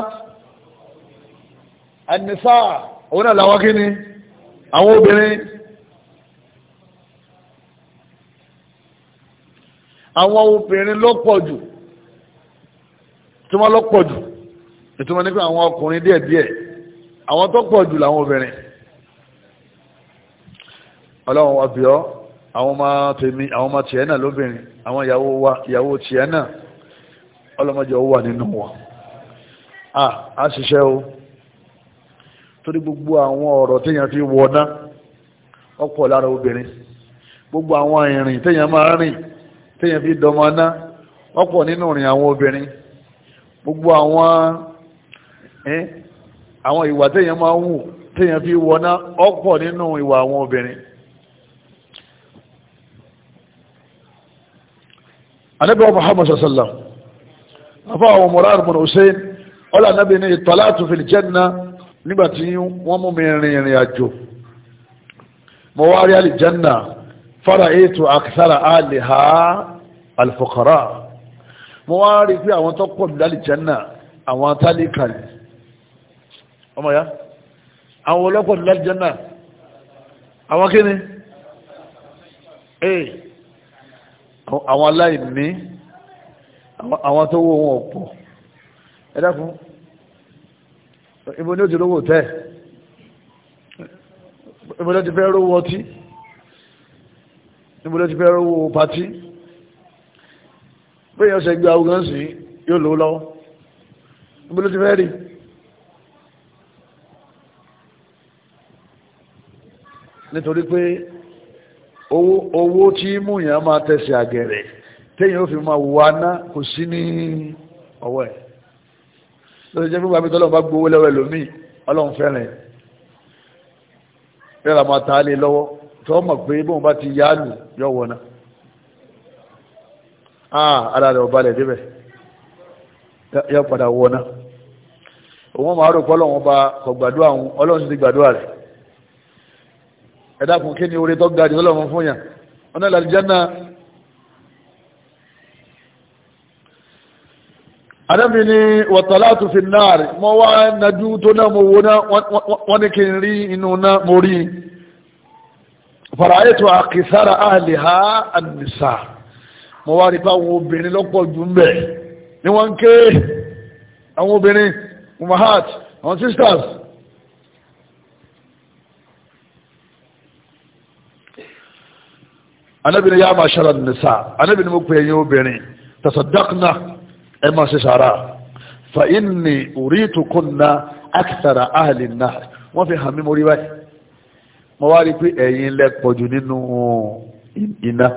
àdìsáà òun náà làwọn kíni àwọn obìnrin àwọn obìnrin lọ́pọ̀ jù tí wọ́n lọ́pọ̀ jù ìtumọ̀ nípa àwọn ọkùnrin díẹ̀díẹ̀ àwọn tó pọ̀ jù làwọn obìnrin ọlọ́run ọbẹ̀ ọ́ àwọn ọmọ tèmi àwọn ọmọ náà lóbìnrin àwọn ìyàwó wa náà ọlọ́mọdé wà nínú wọn a ṣiṣẹ́ o torí gbogbo àwọn ọ̀rọ̀ tíyàn fi wọ̀ná ọpọ̀ lára obìnrin gbogbo àwọn ìrìn tíyàn máa rìn tíyàn fi dọmọná anabi wa muhammad sallam afa àwọn murar bin hussein ọlá anabi ni ìtọ́látù fil janna nígbà tí wọ́n mú mi rin ìrìn àjò mo wá rí alìjanna fara ètò àkísára àlìhá alfukara mo wá rí pé àwọn tó pọ̀ nílá alìjanna àwọn tálíkà ni ọmọ ya àwọn ọlọ́pọ̀ nílá alìjanna àwọn kíni ee eh, àwọn aláìní àwọn tó wó wọn ọ̀pọ̀ ẹ dákun ibo ni ó ti lówó tẹ́ ibo ni ó ti fẹ́ rówó ọtí ibo ni ó ti fẹ́ rówó patí bí èèyàn gbé awúgán sí yóò lówó lọ́wọ́ ibo ni ó ti fẹ́ rí nítorí pé owó owó tí mú yàn máa tẹ̀sẹ̀ àgẹ̀rẹ̀ tẹ́yìn ó fi máa wà ná kò sí ní ọwọ́ ẹ̀ lọ́sẹ̀ jẹ́ fúnbà mi tọ́lọ́ bá gbowó lọ́wọ́ ẹlòmí ọlọ́run yàrá máa ta lé lọ́wọ́ tọ́ mọ̀ pé bóun bá ti yá lù yọ wọ̀ ná ah ara rẹ̀ ọba rẹ̀ débẹ̀ yọ padà wọ̀ ná òun máa rò pé ọlọ́run ọba kò gbàdúrà òun ọlọ́run ti gbàdúrà rẹ̀ ẹ̀dá kún kí ni orí tó ga jù lọ́wọ́ fún yàn ọ̀nà ìlàjẹ́nà adábi ni wàtàlátù fi náàrí mọ́ wá nájú tó náà mo wo wọ́n ní kí n rí inú náà mo rí fàráyètò àkìsára àhàlì ha mọ́ wá rí bá àwọn obìnrin lọ́pọ̀ jù ń bẹ̀ ni wọ́n ń ké àwọn obìnrin mumahat àwọn sisters anabi ni yàrá aṣara nìsa anabi ni mo pè é yín obìnrin tasadakna ẹ máa ṣe sàrà fa inni uritukunna akitara ahali náà wọ́n fi hàn mí mo rí báyìí mo wá rí pé ẹ̀yin lẹ pọ̀jù nínú iná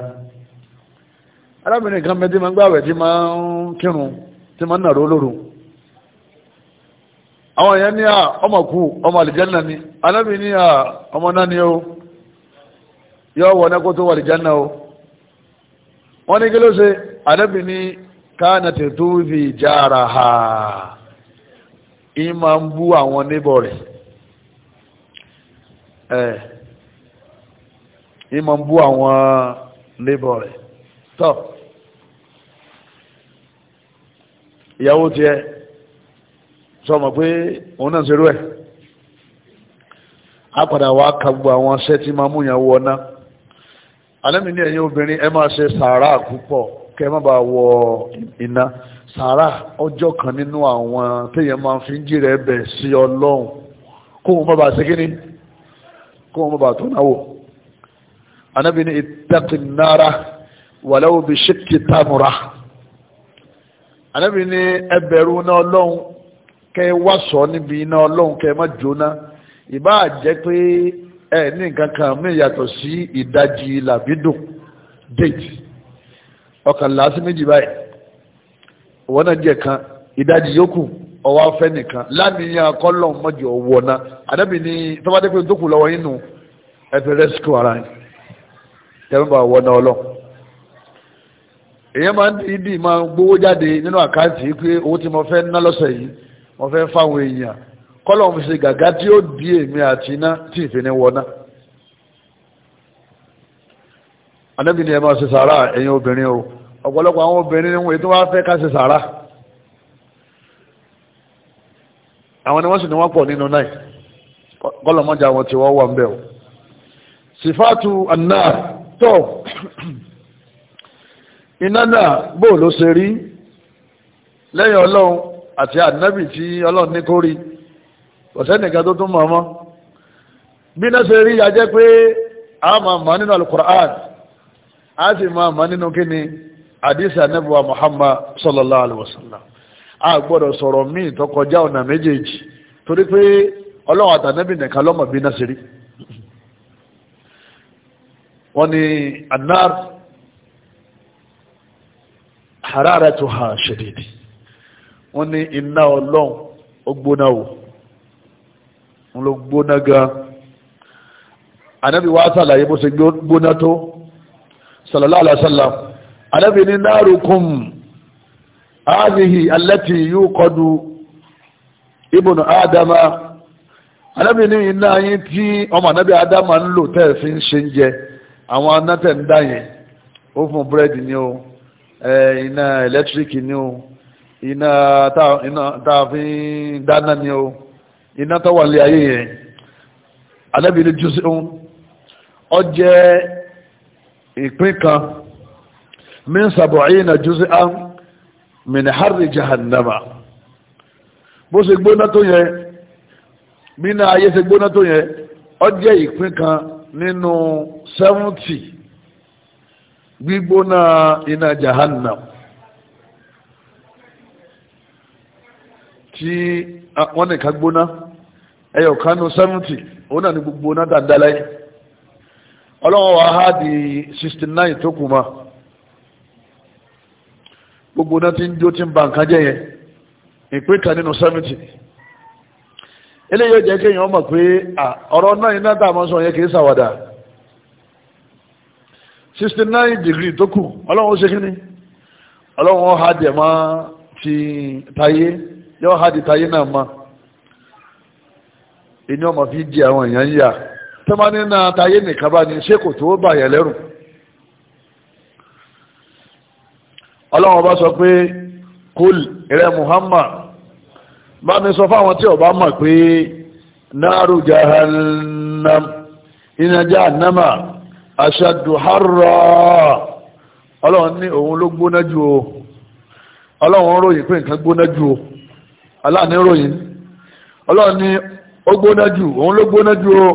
arábìnrin kan mẹ́tí máa ń gbàwẹ̀ tí máa ń kírun tí máa ń nàró lóru àwọn èèyàn ní à ọmọ kú ọmọ àlìjẹ́ náà ni ní à ọmọ náà ni ó. yọ wọ náà tó wà lè jẹ́nà o wọ́n ní kí ló ṣe àdẹ́bì ní káànà tètú fi jára ha ìmọ̀ ń bú àwọn níbọ̀ rẹ̀ ń bú àwọn níbọ̀ rẹ̀ tọ́ ìyàwó tiẹ̀ sọmọ pé òun alẹ́mi ní ẹ̀yin obìnrin ẹ máa ṣe sàárà púpọ̀ kẹ́ má bàa wọ iná sàárà ọjọ́ kan nínú àwọn téèyàn máa fi ń jìrẹ̀ ẹ̀bẹ̀ sí ọlọ́run kó wọn má bàa ṣe kíní kó wọn má bàa tó náwó anábì ní ittaqin nara walau bi shiqqi tamra anábì ní ẹ bẹ̀rù ọlọ́run kẹ́ wá sọ níbi iná ọlọ́run kẹ́ má jóná ìbáà jẹ́ pé ẹ ní nǹkan kan mí yàtọ̀ sí ìdajì làbídò déètì meji sí méjì báyìí náà jẹ kan ìdajì yòókù ọwọ́ afẹ́ nìkan lánìyàn kọ́lọ̀ mọ́jọ wọ̀ náà àdẹ́bì ni tọ́wádé pé dókù lọ́wọ́ yín ẹ̀fẹ̀ rẹ́síkù ara yín tẹ́lẹ̀bà wọ̀ náà lọ. èèyàn máa ń dìídì máa gbowó jáde nínú àkáǹtì pé owó tí mo fẹ́ ná lọ́sẹ̀ yìí mo fẹ́ fáwọn èèyàn kọ́lọ̀ fi ṣe gàgá tí ó di èmi àti iná tí ìfini wọná anábì ni ẹ máa ṣe sàárà ẹ̀yin obìnrin o ọ̀pọ̀lọpọ̀ àwọn obìnrin ni wọ́n ètò wá fẹ́ ká ṣe sàárà àwọn ni wọ́n sì ni wọ́n pọ̀ nínú náà kọ́lọ̀ mọ́jà wọn tí wọ́n wà ń bẹ̀ o sifatu anna tó iná náà bóò ṣe rí lẹ́yìn ọlọ́run àti ànábì tí ọlọ́run ní kó rí ọ̀sẹ́nìkan tó tún mọ̀ọ́mọ́ bí náà ṣe rí ajẹ́ pé a máa mọ̀ nínú alukur'an a sì máa mọ̀ nínú kíni àdìsí anábùwà muhammad sallallahu alaihi wasallam a gbọ́dọ̀ sọ̀rọ̀ míì tó kọjá ọ̀nà méjèèjì torí pé ọlọ́run wọ́n ní iná ọlọ́run ó gbóná wò ń lọ gbóná gan anábì wá sàlàyé bó ṣe gbóná tó sallallahu alaihi wasallam anábì ní narukum hadhihi allati yuqadu ibnu adama anábì ní iná yín tí ọmọ anábì adama ń lò tẹ́ẹ̀ fi ń ṣe ń jẹ àwọn anátẹ̀ ń dá yẹn ó fún búrẹ́dì ni o iná ẹ̀lẹ́tíríkì ni o iná tá fi dáná ni o. inatawali ayé yẹn ọ jẹ́ ìpín kan min sab'ina juz'an min harri jahannama bó ṣe gbóná tó yẹ mínà ayé ṣe gbóná tó yẹ ọ jẹ́ ìpín kan nínú 70 gbígbóná iná jahannam tí ah, wọ́n ẹyọ kanu seventy òun náà ni gbogbo náà dáadáa láyé ọlọ́wọ́ wa ha di sixty nine tó kù ma gbogbo náà ti ń jó ti ń ba nǹkan jẹ́ yẹn ìpín kan nínú seventy eléyìí ó jẹ́ kéèyàn mọ̀ pé ọ̀rọ̀ náà iná tá a máa sọ nine degree tó kù ọlọ́wọ́ ṣe kí ni ọlọ́wọ́ di ẹ̀ di tayé náà máa. ìní ọmọ fi di àwọn èèyàn yíya tó bá ní náà tayé nìkan bá ní ṣé kò tó bà lẹ́rù bá sọ pé kúl rẹ Muhammad bá mi sọ fáwọn tí ọba mọ̀ pé náàrú jahannam iná jahannama aṣáájú harra ọlọ́run ní òun ló gbóná jù o ọlọ́run ròyìn pé nǹkan gbóná o aláàánú ròyìn ó gbóná jù òun ló gbóná jù o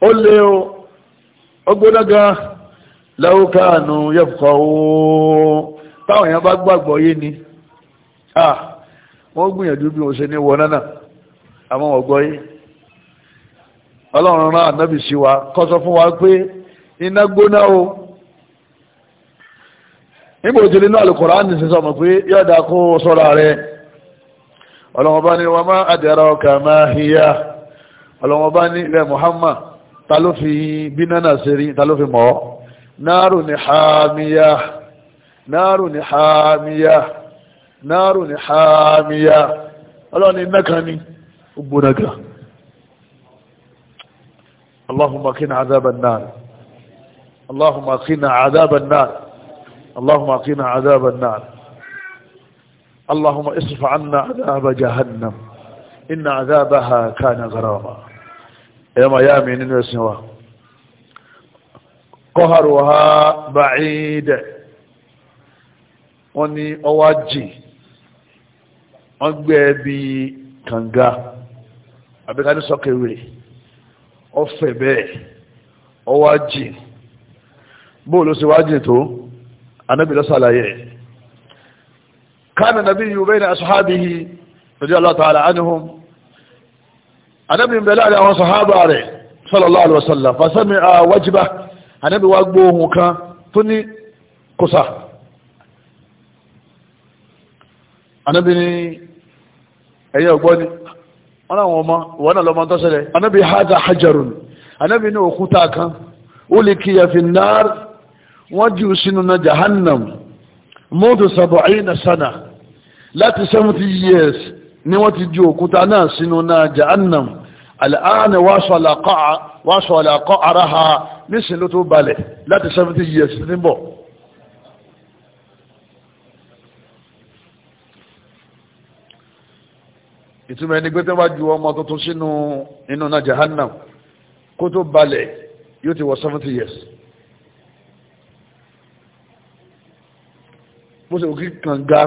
ó lé o ó gbóná ooo táwọn èèyàn bá gbàgbọ́ ni ah wọ́n gbìyànjú bí wọ́n ṣe ní wọ náà àwọn ọ̀gbọ́ yé ọlọ́run rán ànábì sí wa kó fún wa pé iná gbóná o nígbà òjò pé kó sọ́ra ọlọ́wọ́bá ní wọ́n máa àdẹ̀rọ ọkà máa hìyà ọlọ́wọ́bá ní ilẹ̀ Muhammad ta ló fi bínà náà ṣe rí ta ló fi mọ́ náàrù ní hàmíyà náàrù ní hàmíyà náàrù ní hàmíyà ọlọ́ni iná kan ní gbónaga Allahumma qina azaban nar Allahumma qina azaban nar اللهم اصرف عنا عذاب جهنم إن عذابها كان غراما يوم يامي ننوى قهرها بعيد وني أواجي ọgbẹ́ bí kànga àbíkání sọ́kẹ̀wé ọ̀fẹ́ bẹ́ẹ̀ ọwájì bóòlù sí wájì بلا anábìlọ́sàlàyé كان النبي بين أصحابه رضي الله تعالى عنهم النبي من بلاد أو عليه صلى الله عليه وسلم فسمع وجبة النبي وقبوه كان تني قصة النبي أيه أقولني أنا وما وأنا لما تصل النبي هذا حجر النبي نو كان أولي في النار وجو سننا جهنم mọ́tò sàbọ̀ayé na sánà láti seventy years ni wọ́n ti ju òkúta náà sínú náà jahannam al'ana wàásù àlàkọ́ ara ha nísìn ló tó balẹ̀ láti seventy years ní bọ̀ ìtumọ̀ ẹni gbé tó bá ju ọmọ tuntun sínú inú náà jahannam kó tó balẹ̀ yóò ti wọ seventy years bó ṣe òkè kànga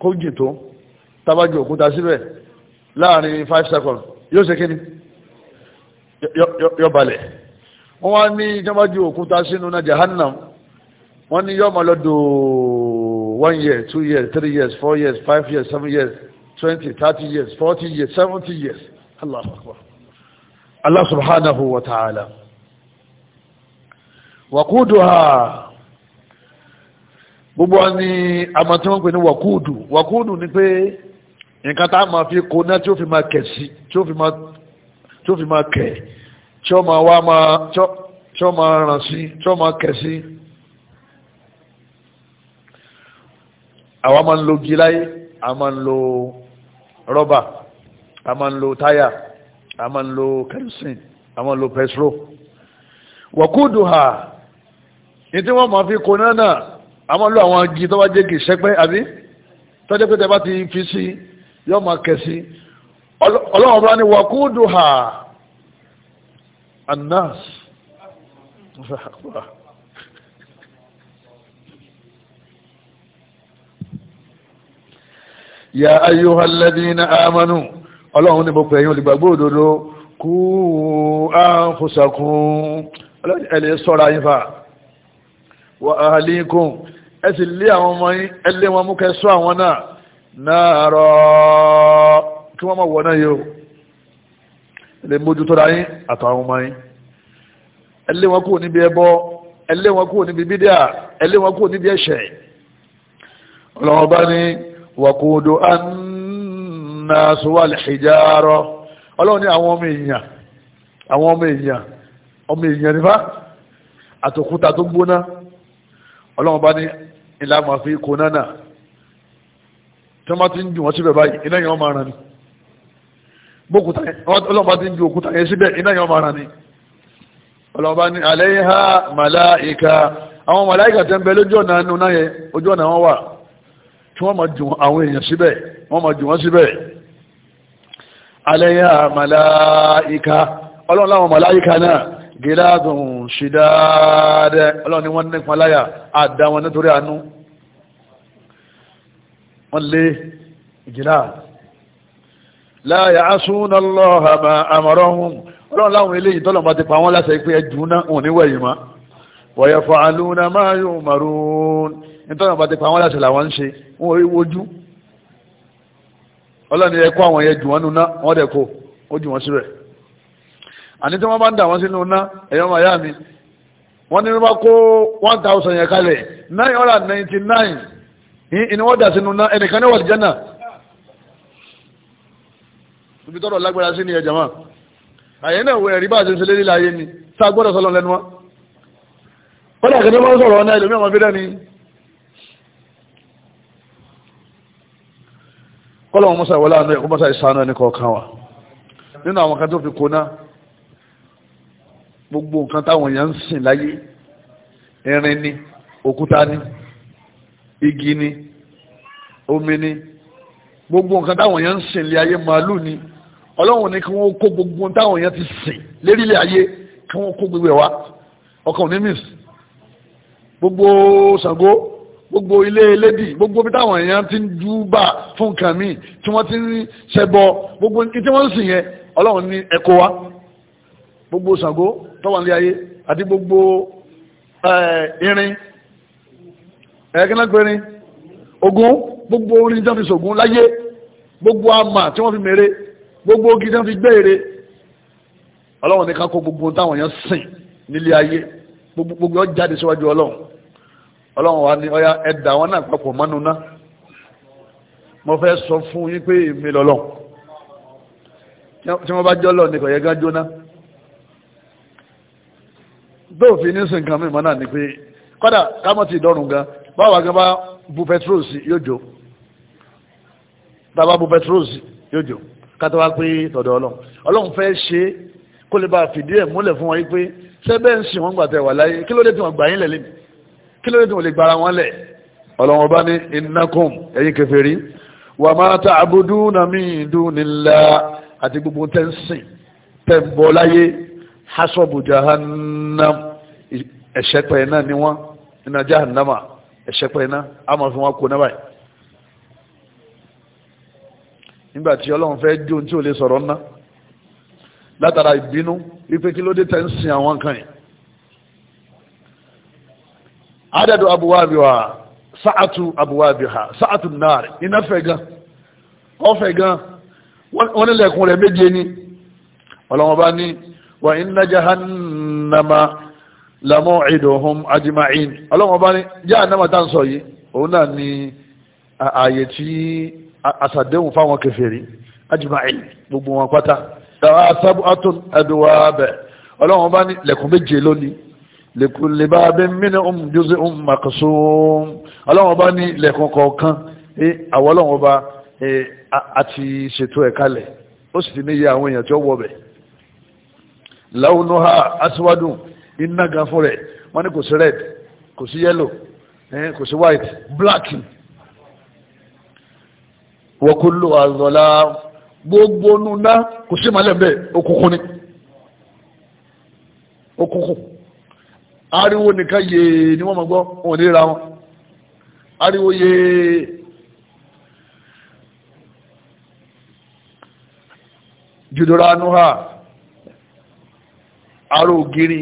kó jì tó tábàjù òkúta síbẹ̀ láàrin five seconds yóò ṣe kíni yọ balẹ̀ wọ́n wá ní tábàjù òkúta sínú náà jahannam wọ́n ní yọ́ máa lọ one year two years three years four years five years seven years twenty thirty years forty years seventy years allah akbar allah subhanahu wa ta'ala wakuduha gbogbo wa ni àmọ́ tí wọ́n pè ní wàkúùdù wàkúùdù ni pé nǹkan tá a máa fi kó náà tí ó fi máa kẹ̀ sí tí ó fi máa tí ó fi máa kẹ̀ tí ó máa wá máa tí ó máa ràn sí tí ó máa kẹ̀ sí. àwa máa ń lo giláyé a máa ń lo rọ́bà a máa ń lo táyà a máa ń lo kẹrìsìn a máa ń lo pẹtrol wàkúùdù ha ní tí wọ́n máa fi kó náà náà a máa lo àwọn agi tó bá jẹ́ kì í sẹ́pẹ́ àbí tọ́jú pé tẹ́bá ti fi sí yóò máa kẹ̀ sí ọlọ́run bá ní wàkúndù ha anas ya ayyuhal ladina amanu ọlọ́run ní gbogbo ẹ̀yin olùgbàgbọ́ òdodo kú anfusakum ẹ̀lẹ́ sọ́ra wa ahlikum ẹ sì lé àwọn ọmọ yín ẹ lé wọn mú kẹ́ ṣọ́ àwọn náà náàrọ̀ kí wọ́n máa wọ̀ náà yóò lè mójútó ra yín àtàwọn ọmọ yín ẹ lé wọn kúrò níbi ẹbọ ẹ lé wọn kúrò níbi bídíà ẹ wọn kúrò níbi ẹ̀ṣẹ̀ ọlọ́run bá ní wàkúndó anásùwà lẹ́hìjáàrọ̀ ọlọ́run ní àwọn ọmọ èèyàn àwọn ọmọ èèyàn ọmọ èèyàn nípa àtòkúta tó gbóná ọlọ́run bá ní ilá máa fi kó náà náà tí wọ́n bá ti ń ju wọn síbẹ̀ báyìí iná yẹn wọ́n máa ràn ní bókúta ọlọ́run bá ti ń ju òkúta yẹn síbẹ̀ iná yẹn wọ́n máa ràn ní ọlọ́run bá ní alayha màláìka àwọn màláìka tẹ́ ń bẹ lójú ọ̀nà inú náà yẹn ojú ọ̀nà wọn wà tí wọ́n máa ju àwọn èèyàn síbẹ̀ wọ́n máa ju wọn síbẹ̀ alayha màláìka ọlọ́run láwọn màláìka náà gíláàdùn ṣìdáadẹ́ ọlọ́ni wọ́n ní paláyà àdá wọn nítorí àánú wọ́n lé gíláàdù láyà asúnà lọ́ha ma àmọ̀rọ̀hún ọlọ́run láwọn ilé ìtọ́lọ̀ bá ti pa wọ́n láṣẹ pé ẹjù náà òun níwẹ̀ yìí ma wọ̀yẹ̀ fàálùnà máa yóò màrún ìtọ́lọ̀ bá ti pa wọ́n láṣẹ làwọn ń ṣe wọ́n rí wojú ọlọ́run ẹ̀kọ́ àwọn ẹjù wọn nù náà wọ́n dẹ̀ kó ó jù wọn síbẹ̀ àní tí wọ́n bá ń dà wọ́n sínú ná ẹ̀yọ́ màyá mi wọ́n ní wọ́n kó one thousand yẹn kalẹ̀ nine hundred ninety nine ìní wọ́n dà sínú ná ẹnìkan ní wàlìjẹ́ náà ibi tọ́rọ̀ lágbára sí ni ẹ̀jẹ̀ wọn àyẹ̀ náà wọ ẹ̀rí bá a ṣe ń ṣe lérí láyé ni tá a gbọ́dọ̀ sọ́lọ́ lẹ́nu wọn. wọ́n dà kẹ́ni wọ́n sọ̀rọ̀ ọ̀nà ẹlòmíràn fi dẹ́ni. kọ́lọ̀ wọn mọ́sá ìwọlá àná ẹ̀kọ́ mọ́sá ìsànú ẹni kọ̀ọ̀kan wa nínú àwọn kan tó fi kóná gbogbo nǹkan táwọn èèyàn ń sìn láyé irin ni òkúta ni igi ni omi ni gbogbo nǹkan táwọn èèyàn ń sìn lé ayé màálù ni ọlọ́run ní kí wọ́n kó gbogbo táwọn èèyàn ti sìn lérílẹ̀ ayé kí wọ́n kó gbogbo ẹ̀ wá ọkàn ní mìs gbogbo Ṣàngó gbogbo ilé elédì gbogbo bí táwọn èèyàn ti ń dúbà fún nǹkan tí wọ́n ti ń ṣẹbọ gbogbo tí wọ́n ń sìn yẹn ọlọ́run ní ẹ̀kọ́ wa gbogbo ṣàgó tọ́wàlé ayé àti gbogbo eh, irin ẹ̀ẹ́kínlẹ́gbẹ̀rin eh, ogun gbogbo orin tán fi ṣògùn láyé gbogbo àmà tí wọ́n fi mèrè gbogbo ogi tán fi gbẹ̀ẹ́rẹ́ ọlọ́run nìkan kó gbogbo táwọn èèyàn sìn nílé ayé gbogbo ọjáde síwájú ọlọ́run ọlọ́run wa ni ọya ẹ̀dà wọn náà papọ̀ mọ́nu ná mo fẹ́ sọ fún yín pé èmi lọ́lọ́ tí wọ́n dóòfin ní sí nǹkan mímọ́ náà ni pé kọ́dà kámọ́tì ìdọ́rùn gan báwa gan bá bu petrol sí yóò jò bàbá bu petrol sí yóò jò kátó wá pé tọ̀dọ̀ ọlọ́run ọlọ́run fẹ́ ṣe kó lè bá fìdí ẹ̀ múlẹ̀ fún wọn yí pé sẹ́bẹ̀ ń sìn wọ́n gbà tẹ̀ wà láyé kí ló dé tí wọ́n gbà yín lẹ̀ lẹ́nu kí ló dé tí wọ́n lè gbara wọn lẹ̀ ọlọ́run ọba ní innakum ẹ̀yin kèfèrí wà máa ta'buduna min dunillah àti gbogbo tẹ́ ń sìn tẹ́ ń bọ́ láyé hasabu jahannam ẹ̀ṣẹ́ pẹ̀ náà ni wọ́n iná jahannama ẹ̀ṣẹ́ pẹ̀ náà a máa fi wọn kó náà báyìí nígbà tí ọlọ́run fẹ́ jó tí ò lè sọ̀rọ̀ ńná látara ìbínú wípé kí ló dé tẹ́ ń sin àwọn kan yìí adadu abuwaabiwa sa'atu abuwaabiha sa'atu naari iná fẹ̀ gan ọfẹ̀ gan wọ́n nílẹ̀kùn rẹ̀ méje ni ọlọ́run bá ní wa inna jahannama lamu'iduhum ajma'in ọlọ́wọ́n bá ní jahannama tá ń sọ yìí òun náà ni ààyè tí àṣàdéhùn fáwọn kèfèrí ajma'in gbogbo wọn pátá sab'atun abwab ọlọ́wọ́n bá ní lẹ̀kùn méje lónìí likulli babin minhum juz'un maqsum ọlọ́wọ́n bá ní lẹ̀kùn kọ̀ọ̀kan àwọn ọlọ́wọ́n bá àti ṣètò ẹ̀ kalẹ̀ ó sì ti níye àwọn èèyàn tí ó wọ̀ bẹ̀ launuha aswadu iná gan fún rẹ̀ wọ́n ní kò sí red kò sí yellow eh, kò sí white black wa kullu azọ́lá gbogbo nuna kò sí malẹ̀ bẹ́ẹ̀ òkùnkùn ni òkùnkùn ariwo nìkan yèé ni wọ́n mọ̀ gbọ́ wọn ní ra wọn ariwo yèé jùdọ̀rọ̀ aró ògiri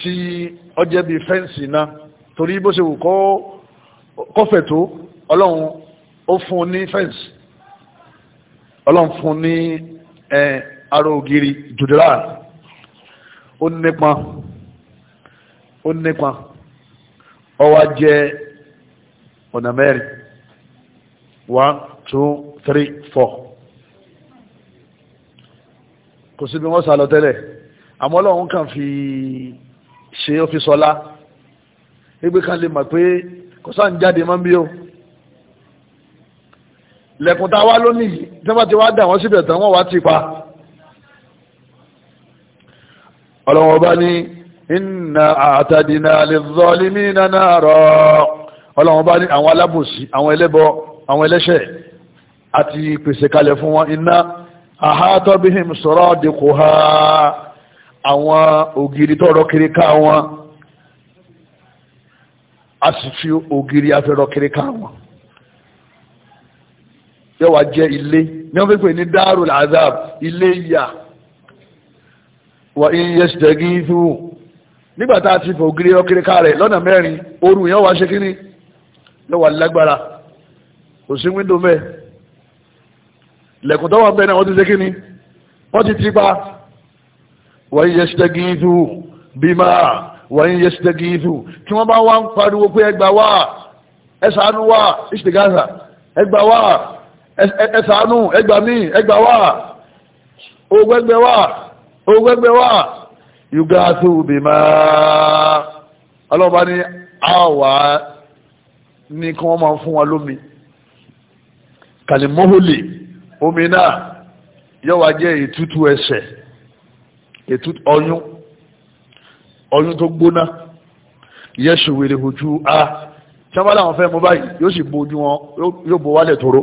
tí ọjẹ́ bíi fẹ́ǹsì náà torí bó ṣe wù kọ́fẹ̀ tó ọlọ́run ó fún un ní fẹ́ǹsì ọlọ́run fún ní aró ògiri jùdúrà ó nípa ó nípa ọwọ́ jẹ́ ọ̀nà mẹ́rin one two three four kò síbi wọ́n sá lọ tẹ́lẹ̀ àmọ́ ọlọ́run kàn fi ṣe ó fi sọlá ẹgbẹ́ kan lè mọ̀ pé kò sáà ń jáde mọ́ bí o lẹ́kùn tá a wá lónìí tí wọ́n ti wá dà wọ́n síbẹ̀ tán wọ́n wá ti pa ọlọ́run ọba ní iná àtàdínà lè zọ́ọ́lì ní nánà rọ̀ ọlọ́run ọba ní àwọn alábòsí àwọn ẹlẹ́bọ àwọn ẹlẹ́ṣẹ̀ àti pèsè kalẹ̀ fún wọn iná àhátọ́ bíhìm sọ̀rọ̀ dìkù ha àwọn ògiri tọrọ kiri ká wọn a sì fi ògiri afẹ́rọ kiri ká wọn yóò wá jẹ́ ilé ní wọ́n fi pè ní dárul azab ilé ìyà wà in yastaghithu nígbà tá a ti fò ògiri ọkiri ká rẹ̀ lọ́nà mẹ́rin ooru yẹn wá ṣe kíní yóò wá lágbára kò sí wíńdò mẹ́ẹ̀ lẹ̀kùn tó wà bẹ́ẹ̀ náà wọ́n ti ṣe kíní wọ́n ti ti pa wọ́n yẹ ṣẹ́gìdù bímá wọ́n yẹ ṣẹ́gìdù tí wọ́n bá wá ń pariwo pé ẹgbà wá ẹsàánú wá ìṣègáza ẹgbà wá ẹsàánú ẹgbà mí ẹgbà wá ogbẹ́gbẹ́ wá ogbẹ́gbẹ́ wá yugatu bímá ọlọ́ba ní àwà ní kí wọ́n máa fún wa lómi kalimohole omi náà yọ́wà jẹ́ ìtútù ẹsẹ̀ ètú ọyún ọyún tó gbóná yẹ́sùwèrè ojú a sábàlá àwọn fẹ́ mú báyìí yóò sì bo ojú wọn yóò bo wálẹ̀ tóró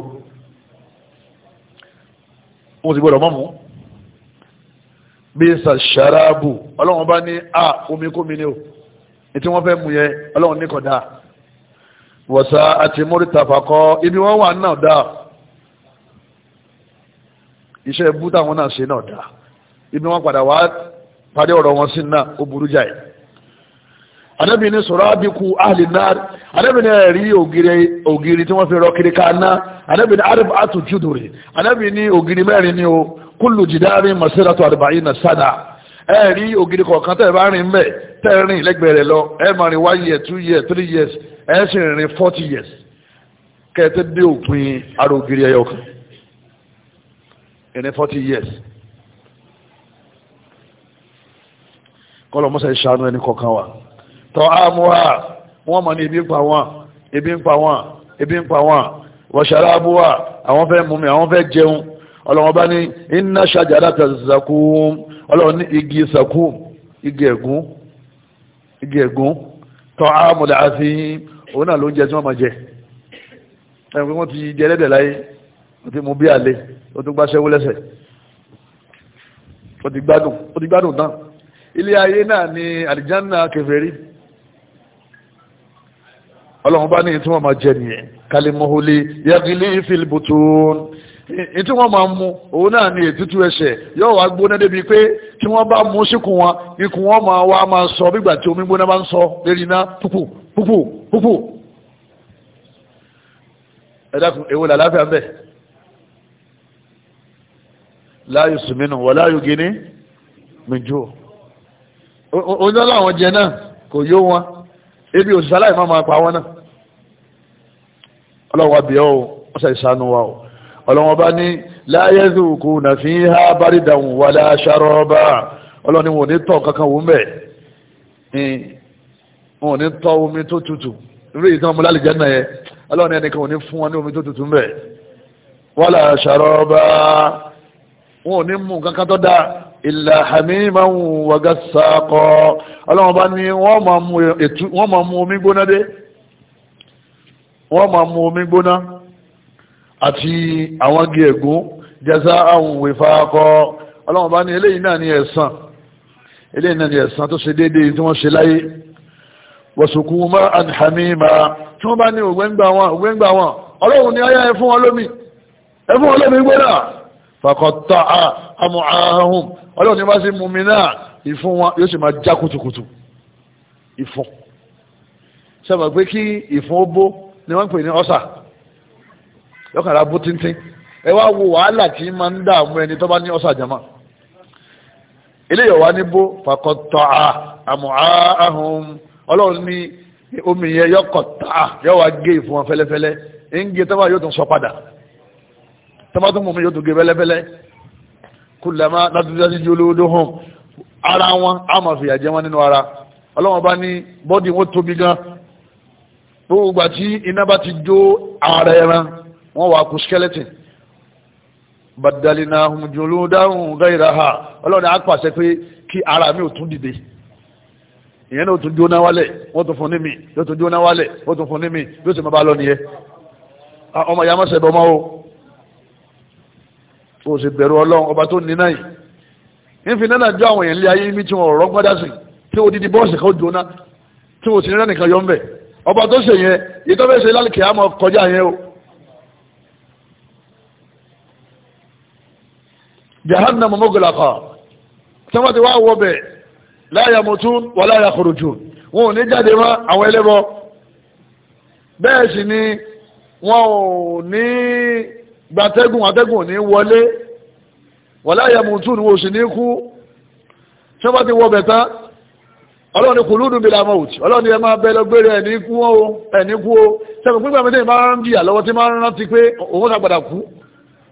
wọn ti gbọ́dọ̀ mọ́ mú bí sàṣàràbù ọlọ́run bá ní a omi kómi ni o ètí wọ́n fẹ́ mú yẹ ọlọ́run ní kọ̀dá wọ̀sá àti mórítàfàkọ́ ibi wọ́n wà náà dáa iṣẹ́ bú táwọn náà ṣe náà dáa ibi wọn padà wá parí ọ̀rọ̀ wọn sí náà ó burú jáì anábì ní sọ̀rọ̀ àbíkú ahli nar anábì ní ẹ̀rí ògiri tí wọ́n fi rọ́kiri ká ná anábì ní arab atu juduri anábì ní ògiri mẹ́rin ni o kullu jidari masiratu arba'ina sada, ẹ̀rí ògiri kọ̀ọ̀kan tẹ̀ bá rìn mẹ́ tẹ̀ rìn lẹ́gbẹ̀ẹ́ lọ ẹ̀ máa rìn one year two years, three years ẹ̀ sì rìn forty years kẹ́ẹ̀tẹ́ dé òpin ara ògiri ẹ̀yọ̀kan ìrìn forty years kọ́lọ̀ mọ́sẹ̀ ṣàánú ẹni kọ̀ọ̀kan wa tọ́ àmúhà wọ́n mọ̀ ní ibi ń pa wọn ibi ń pa wọn ibi ń pa wọn wọ̀ṣàrá àbúwà àwọn fẹ́ mumi àwọn fẹ́ jẹun ọlọ́wọ́n bá ní iná ṣàjára tà zakum ọlọ́wọ́n ní igi zakum igi ẹ̀gún igi ẹ̀gún tọ́ àmúlẹ̀ àti òun náà ló ń jẹ tí wọ́n máa jẹ ẹ̀rùn pé wọ́n ti jẹ ẹlẹ́dẹ̀ láyé wọ́n ti mú bí àlè ó tún gbáṣẹ́wó lẹ́sẹ̀ ó ti gbádùn ó ti gbádùn náà ilé ayé náà ni àlìjánà kèfèrí ọlọ́run bá ní ìtumọ̀ máa jẹ nìyẹn kalimahuli yagili filibutun ìtí wọ́n máa mú òun náà ní ètútù ẹsẹ̀ yóò wá gbóná débi pé tí wọ́n bá mú síkùn wọn ikùn wọn máa wá máa sọ bígbà tí omi gbóná bá ń sọ lérí iná púpù púpù púpù ẹ dákun èwo làlàáfíà bẹ́ẹ̀ láyò sùmínú wọ́n láyò gíní mìjú oúnjẹ láwọn jẹ náà kò yó wọn ebi òṣìṣẹ́ aláìmọ́ máa pa wọn náà ọlọ́wọ́ abìyẹ́ o wọ́n sẹ́ ìsánú wa o ọlọ́wọ́ bá ní láyé zùkú nà fi ń há bárídàun wà láṣàrọ́ọ́bà ọlọ́ni wọn ò ní tọ̀ kankan wò ń bẹ̀ wọn ò ní tọ́ omi tó tutù irú ìtàn ọmọ lálẹ́jẹ́ náà yẹ ọlọ́ni ẹnìkan ò ní fún wọn ní omi tó tutù ń bẹ̀ wà láṣàrọ́ọ́bà wọn ò ní mú kankan tó dáa ilà hamiman wàgá sàkọ ọlọ́wọ́n bá ní wọ́n máa mú omi gbóná dé wọ́n máa mú omi gbóná àti àwọn agi ẹ̀gún jẹ́sà àwọn òwe fàákọ ọlọ́wọ́n bá ní eléyìí náà ní ẹ̀san eléyìí náà ní ẹ̀san tó ṣe déédéé tí wọ́n ṣe láyé wọ̀sùnkú má àn tí wọ́n bá ní ògbẹ́ngbà wọn ọlọ́wọ́n ní ayá ẹ fún wọn lómi ẹ fún wọn lómi gbóná fàkọ̀tà àmọ̀háhùn ọlọ́run ní bá sí mú mi náà ìfún wọn yóò sì máa já kùtùkùtù ìfún sábà pé kí ìfún ó bó ni wọ́n ń pè ní ọ́sà lọ́kàrà bó tíntín ẹ wá wo wàhálà tí máa ń dààmú ẹni tó bá ní ọ́sà jama eléyìí wá ní bó fàkọ̀tà àmọ̀háhùn ọlọ́run ní omi yẹn yọkọ̀tà yọ wá gé ìfún wọn fẹ́lẹ́fẹ́lẹ́ ń gé tó bá yóò tún sọ padà tọ́ba tó mú mi yóò tó gé bẹ́lẹ́bẹ́lẹ́ kullama látúndájú juluduhum ara wọn á máa fìyà jẹ wọn nínú ara ọlọ́wọ́n bá ní bọ́dì wọn tóbi gan gbogbo ìgbà tí iná bá ti jó ara ẹran wọn wà kú skeleton badalinahum juludan ghayraha ọlọ́run á pàṣẹ pé kí ara mi ò tún dìde ìyẹn náà ó tún jóná wálẹ̀ wọ́n tún fún ní mi yóò tún jóná wálẹ̀ wọ́n tún fún ní mi yóò sì máa bá lọ nìyẹn ah, ọmọ ìyá mọ́sẹ̀ bọ́ mọ́ o tó ṣe bẹ̀rù ọlọ́run ọba tó ní náà yìí nífi náà jọ àwọn èèyàn lé ayé mi tí wọn ọ̀rọ̀ gbọ́dá sí tí ó dídí bọ́ọ̀sì kan jóná tí ó sì ní rẹ́nìkan yọ ń bẹ̀ ọba tó ṣe yẹn ìtọ́fẹ́ ṣe lálùkẹ́ àmọ́ kọjá yẹn o. jahannam mọ́gàlàkà tí wọ́n ti wọ bẹ̀ láyà mọ̀tún wà láyà kòròjò wọn ò ní jáde mọ́ àwọn ẹlẹ́bọ bẹ́ẹ̀ sì ni wọn ò ní gbatẹ́gùn atẹ́gùn ní wọlé wọlé àyàmùtù ní oṣù ní kú tí wọ́n ti wọ bẹ̀tá ọlọ́run ni kùlúùdù bí la mọ̀ọ̀tì ọlọ́run ni ẹ máa bẹ́ẹ̀ lọ́gbẹ́rẹ́ ẹ̀ní kú ó ẹ̀ní kú ó sẹ́gun pípa mẹ́tẹ́ máa ń jìyà lọ́wọ́ tí máa ń rántí pé òun náà padà kú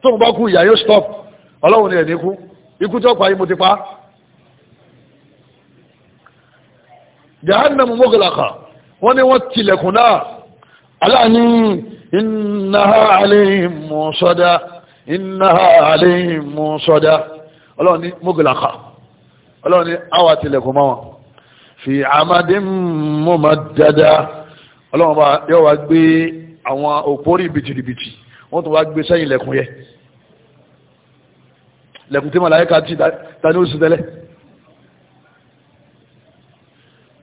tóun bá kú ìyà yóò stop ọlọ́run ni ẹ̀ní kú ikú tó pa yìí mo ti pa. jahannamu mọ́gàlàkà wọ́n ní wọ́n tilẹ̀kùn náà aláàánú innaha alayhim musada innaha alayhim musada ọlọ́run ní mughlaqa ọlọ́run ní àwa tilẹ̀kùn mọ́ wọn fi amadin mumaddada ọlọ́run bá yọ wá gbé àwọn òpórí bìtìrìbìtì wọ́n tún wá gbé sẹ́yìn ilẹ̀kùn yẹ lẹ́kùn tí màláyíká ti dání oṣù tẹ́lẹ̀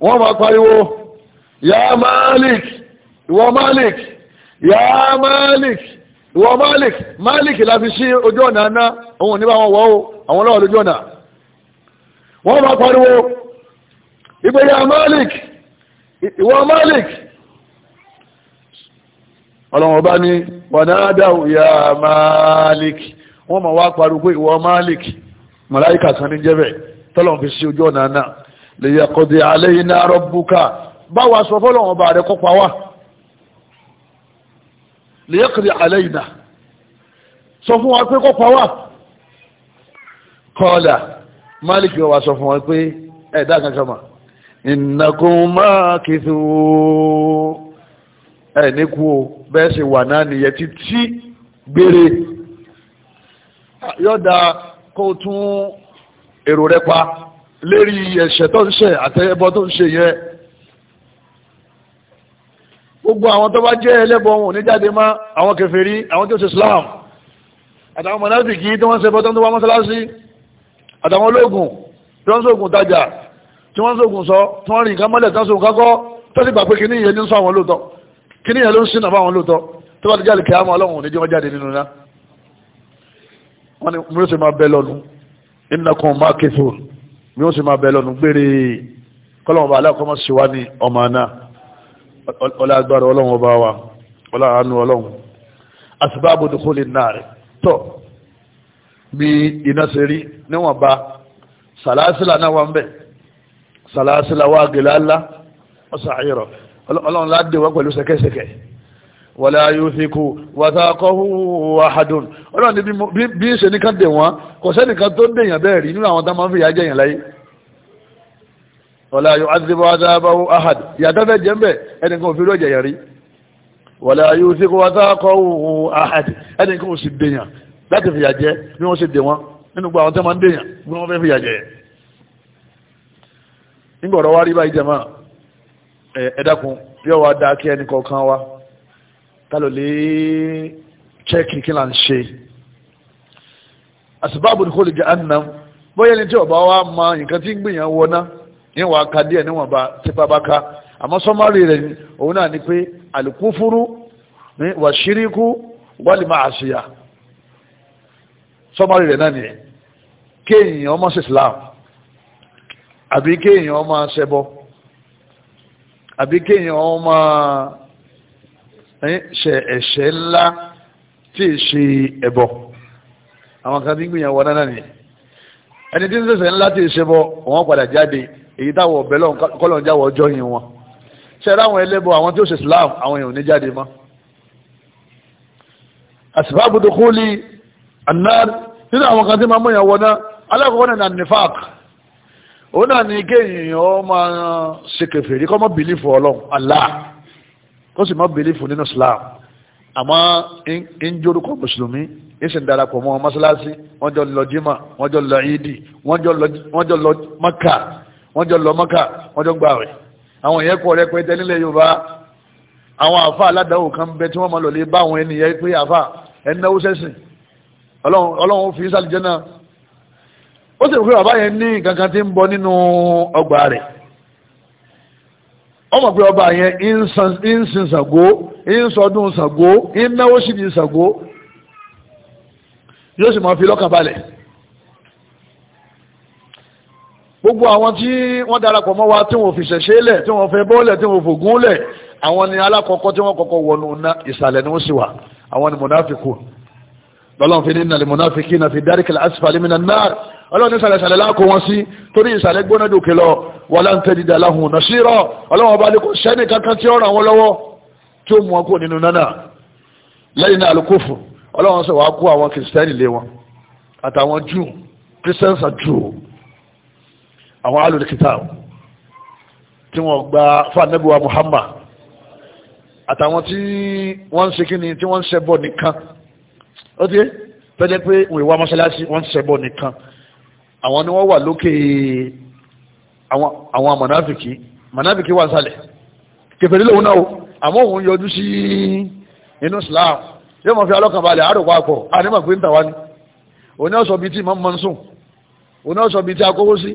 wọ́n máa pariwo ya malik ìwọ malik yá malik ìwọ malik malik la fi ṣí ojú ọ̀nà aná òun níbà wọn wọ́ o àwọn lọ́wọ́ lójú ọ̀nà wọ́n bá pariwo ìgbé yá malik ìwọ malik ọlọ́wọ́ bá ní wọ̀nádà yá malik wọ́n ma wá pariwo pé ìwọ malik màláìkà kan ní jẹ́bẹ̀ tọ́lọ̀ fi ṣí ojú ọ̀nà aná lè yẹ kọ́dí alẹ́ yìí náà rọ́bùkà báwa sọ fọ́lọ́wọ́n bá rẹ̀ kọ́pa wá lèyẹ́kìrì alẹ́ ìdá sọ fún wa pé kó pa wá kọ́ọ̀dà máàlìkì wa sọ fún wa pé ẹ̀dá kankan mà ìnàkùn máa kìtù ẹ̀ níkú o bẹ́ẹ̀ sì wà náà nìyẹn títí gbére yọ̀dà kó tún èrò rẹ pa lérí ẹ̀ṣẹ̀ tó ń ṣe àtẹ́yẹbọ tó ń ṣe yẹn gbogbo àwọn tó bá jẹ́ ẹlẹ́bọ wọn ò ní jáde má àwọn kèfèrí àwọn tí ṣe Islam àtàwọn mọ̀nàfìkì tí wọ́n ṣe bọ́tán tó wá mọ́sálásí àtàwọn ológun tí wọ́n sógun tajà tí wọ́n sógun sọ tí wọ́n rìn nǹkan mọ́lẹ̀ tán sógun kákọ́ tó sì gbà pé kíní yẹn ní sọ àwọn lóòótọ́ kíní yẹn ló ń sínà fáwọn lóòótọ́ tó bá ti jáde kìá ni mi ó sì máa bẹ lọ́nu innakum makithun mi ó sì máa bẹ lọ́nu gbére ọlá agbára ọlọ́run ọba wa ọlá àánú ọlọ́run asibáàbò dùkú lè nà rẹ̀ tọ́ bí iná ṣe rí níwọ̀n ba sàlásìlà náà wà ń bẹ̀ sàlásìlà wà gèlè ńlá ọ̀sà àyẹ̀rọ̀ ọlọ́run láti wọ́n pẹ̀lú ṣẹ̀kẹ̀ṣẹ̀kẹ̀ wọlé ayúfíkú wàtàkọ́hù wàhádùn ọlọ́run bí ṣe nìkan dè wọ́n kò sẹ́nìkan tó dèèyàn bẹ́ẹ̀ rí nínú àwọn tá máa ń fi yà jẹ́yàn láyé wala yu'adhibu adhabahu ahad ìyàtọ́fẹ́ jẹ́ ń bẹ̀ ẹnìkan òfin lóòjẹ̀ yẹ̀rí wala yusiku wathaqahu ahad ẹnìkan ò sì dèèyàn láti fìyà jẹ bí wọ́n sì dè wọ́n nínú gbogbo àwọn tẹ́ máa ń dèèyàn bí wọ́n fẹ́ fìyà jẹ nígbà ọ̀rọ̀ wá rí báyìí jẹ́mọ́ yóò wá dá kí ẹnì kọ̀ọ̀kan wá kálọ̀ lè chẹ́kì kí là ń ṣe àsìbáàbò kò lè jẹ́ ànàm bóyá ẹni tí ọ̀bá wa mọ nǹkan tí ń gbìyànjú wọná níwọ̀n aka díẹ̀ níwọ̀n bá tipa bá ká àmọ́ sọ́mọ́rì rẹ̀ ni òun náà ni pé àlùkúfúrú ní wàṣíríkú wálé máa ṣìyà sọ́mọ́rì rẹ̀ náà nìyẹn kéèyàn ọmọ sí Islam àbí kéèyàn ọmọ ṣẹbọ àbí kéèyàn ọmọ ṣe ẹ̀ṣẹ̀ ńlá tí ì ṣe ẹbọ àwọn kan tí ń gbìyànjú wọn náà nìyẹn ẹni tí ń ṣẹ̀ṣẹ̀ ńlá tí ì ṣẹbọ wọn padà jáde èyí táwọn ọ̀bẹ kọ́lọ̀ ń jáwọ́ ọjọ́ yìí wọn ṣe ráwọn ẹlẹ́bọ àwọn tí ó ṣe Islam àwọn èèyàn ní jáde mọ́ asbabu dukhuli annar nínú àwọn kan tí máa mú ìyàwó náà alákọ̀ọ́kọ́ náà ní nifaq òun náà ní kéèyàn ó máa ṣe kèfèrí kó má bìlífù ọlọ́run Allah kó sì má bìlífù nínú Islam àmọ́ ń jórúkọ mùsùlùmí ń sì ń darapọ̀ mọ́ mọ́sálásí wọ́n jọ lọ jímà wọ́n jọ lọ ìdí wọ́n jọ lọ Mákà wọ́n jọ lọ mọ́kà wọ́n jọ gbà rẹ̀ àwọn yẹn kọ́ rẹ̀ pé tẹ́lẹ̀ yorùbá àwọn àfa aládàáwò kan bẹ tí wọ́n máa lọ lè bá àwọn ènìyàn pé àfa ẹnáwó sẹ́sìn ọlọ́run fi sálìjẹ́ náà ó sì pé bàbá yẹn ní nǹkan kan tí ń bọ nínú ọgbà rẹ̀ ọmọ pé ọba yẹn ń sin Ṣàngó ń sọdún Ṣàngó ń náwó síbi Ṣàngó yóò sì máa fi lọ́kàn balẹ̀ gbogbo àwọn tí wọ́n darapọ̀ mọ́ wa tí wọ́n fi ṣẹ̀ṣẹ̀ lẹ̀ tí wọ́n fẹ́ bọ́ọ̀lẹ̀ tí wọ́n fògún lẹ̀ àwọn ni alákọ̀ọ́kọ́ tí wọ́n kọ́kọ́ wọnú ìsàlẹ̀ ni wọ́n sì wà àwọn ni mọ̀náfikù lọ́lọ́n fi minan nar ọlọ́run ní ìsàlẹ̀ ìsàlẹ̀ láàkó wọn sí torí ìsàlẹ̀ gbóná dòkè lọ wà láǹtẹ̀dìdà láhùn nàṣírà ọlọ́run ọba lẹ́kọ̀ọ́ sẹ́ni kankan tí ó ràn wọ́n lọ́wọ́ tí ó mú wọn kó nínú náà àtàwọn jù christians are true àwọn alùlùkítà tí wọ́n gba fàánẹ́bùwà Muhammad àtàwọn tí wọ́n ń ṣe kí ni tí wọ́n ń ṣẹbọ nìkan ó ti pẹ́lẹ́ pé òun ìwà mọ́ṣáláṣí wọ́n ń ṣẹbọ nìkan àwọn ni wọ́n wà lókè àwọn mọ̀nàfìkì mọ̀nàfìkì wà sálẹ̀ kẹfẹ́ nílò òun náà àmọ́ òun yọjú sí inú Islam yóò mọ̀ fi alọ́kànbalẹ̀ àròkọ àpọ̀ ànímọ̀ pé ń ni òun náà sọ bíi tí ìmọ̀ mọ́ ń sùn òun náà sọ bíi tí akówó sí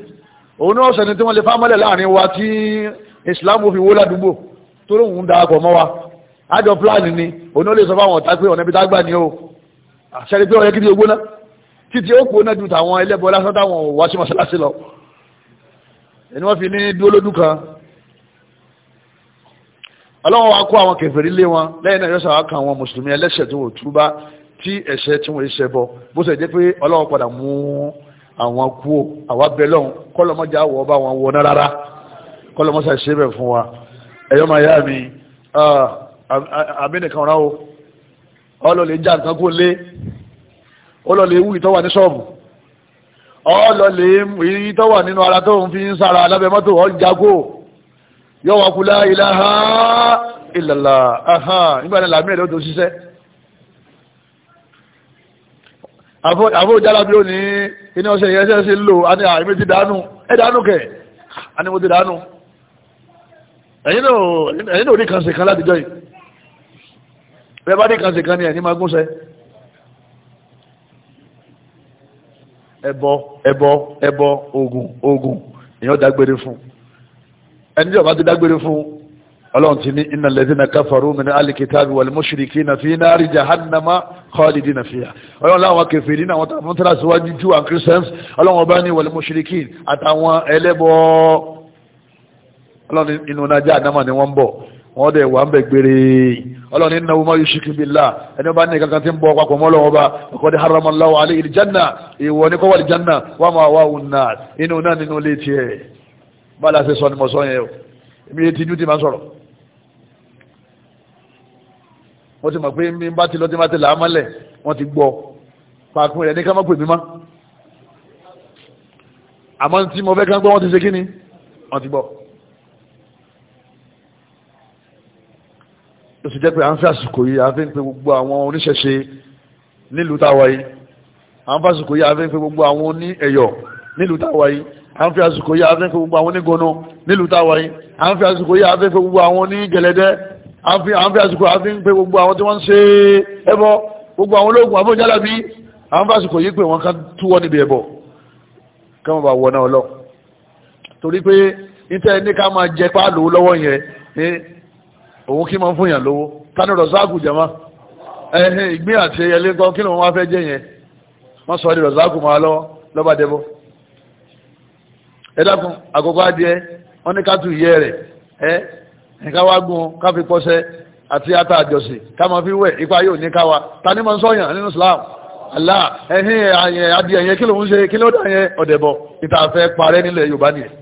òun náà sẹni tí wọ́n lè fámọ́lẹ̀ láàrin wa tí islam fi wó ládùúgbò tó lóun ń darapọ̀ mọ́ wa àjọ pláàni ni òun náà lè sọ fáwọn ọ̀tá pé ọ̀nà ibi tá gbà ní o àṣẹrí pé ọ̀rẹ́ kí ni ó gbóná títí ó gbóná ju tàwọn ẹlẹ́bọ lásán táwọn wá sí mọ́ṣáláṣí lọ ẹni wọ́n fi ní dúró lójú kan ọlọ́wọ́n wa kó àwọn kẹfẹ́rí lé wọn lẹ́yìn náà yọ́sà wá kan àwọn mùsùlùmí ẹlẹ́ṣẹ̀ tí wọ́n túbá tí ẹ̀ṣẹ̀ tí wọ́n ṣẹbọ bó ṣe jẹ́ pé ọlọ́wọ́n padà mú àwọn kúò àwa bẹ̀lọ́n kọ́lọ́mọ́jà wọ́ bá wọn wọ́n rárá kọ́lọ́mọ́sà ṣe bẹ̀ fún wa ẹ̀yọ́ máa yá mi ah, àbínìkan ráwó ọlọ́lẹ̀ já nǹkan kó lé ọlọ́lẹ̀ ewu ìtọ́wà ní ṣọ́ọ̀bù ọlọ́lẹ̀ ìtọ́wà nínú ara tó ń fi ń sára alábẹ́ mọ́tò ọjàgó yọ́wàkúlá ilaha illallah nígbà ní làmí ẹ̀lẹ́ tó ṣiṣẹ́ àfójálábí ó ní iná ọ̀sẹ̀ ìyẹ́sẹ̀ sí lò a ní àìmí ti dánú ẹ dánú kẹ̀ a ní mo ti dánú ẹ̀yìn náà ní kànṣe kan láti jọ yìí rẹ bá ní kànṣe kan ní ẹ̀ní máa gúnṣẹ́ ẹbọ ẹbọ ẹbọ ogun ogun èèyàn dágbére fún ẹni tí ọba ti dágbére fún ọlọ́run ti ní iná lẹ́dínà káfàrú mi ní alìkítàbí wà lẹ́mọ́ṣìríkí na fi náà rí jahannama kọ́lìdì na fìyà ọlọ́run láwọn kẹfìrí náà wọ́n tàbí wọ́n tàbí síwájú jew and christians ọlọ́run ọba ní wà lẹ́mọ́ṣìríkí àtàwọn ẹlẹ́bọ ọlọ́run inú náà jahannama ni wọ́n bọ̀ wọ́n dẹ̀ wà ń bẹ̀ gbére ọlọ́run iná wọ́n yóò ṣìkì bí ẹni bá ní kankan tí ń bọ̀ papọ̀ mọ́ ọlọ́run ọba ọkọ̀dé haramallahu alẹ́ ìlìjánà ìwọ ní kọ́wọ́ ìlìjánà wà máa wà wùn náà inú náà nínú ilé tiẹ̀ bá a lásìsọ ni mo sọ yẹn o èmi ti ju ti máa sọ̀rọ̀ wọ́n ti mọ̀ pé mi bá ti lọ tí bá ti là á mọ́lẹ̀ wọ́n ti gbọ́ pàápín rẹ̀ ní ká má pè mí mọ́ àmọ́ tí mo fẹ́ ká gbọ́ wọ́n ti ṣe kí ni wọ́n ti gbọ́ ó sì jẹ́ pé à ń fi àsìkò yìí à ń fi ń pe gbogbo àwọn oníṣẹ̀ṣe nílùú táwa yìí à ń fi àsìkò yìí à ń pe gbogbo àwọn oní ẹ̀yọ̀ nílùú táwa yìí à ń fi àsìkò yìí à ń pe gbogbo àwọn onígbóná nílùú táwa yìí à ń fi àsìkò yìí à ń pe gbogbo àwọn onígẹ̀lẹ́dẹ́ àfi àwọn fi àsìkò àfi ń pe gbogbo àwọn tí wọ́n ń ṣe ẹbọ gbogbo àwọn ológun àbójálà bí àwọn fi àsìkò yìí pé wọ́n kan túwọ́ níbi ẹbọ káwọn bá wọ náà lọ torí pé níta ẹni ká máa jẹ páàlù lọ́wọ́ yẹn ní òun kí máa ń fún yàn lówó tani rọ̀záàkù jẹ̀má ẹ̀hìn ìgbín àti ẹyẹlé ńkọ́ kí ni wọ́n wá fẹ́ jẹ yẹn wọ́n sọ ọ́ di rọ̀záàkù máa lọ́wọ́ lọ́ba dẹ́bọ́ ẹ dákun àkókò adìẹ wọ́n ní ká tu ìyẹ́ rẹ̀ ẹ́ nǹkan wá gún ká fi pọ́sẹ́ àti ata àjọsìn ká máa fi wẹ̀ ipa yóò ní káwa ta ni máa ń nínú Islam Allah ẹ̀hìn àyẹ̀ adìẹ yẹn kí ló ń ṣe kí ló dà yẹn ọ̀dẹ̀bọ̀ ìta fẹ́ parẹ́ nílẹ̀ Yorùbá nìyẹn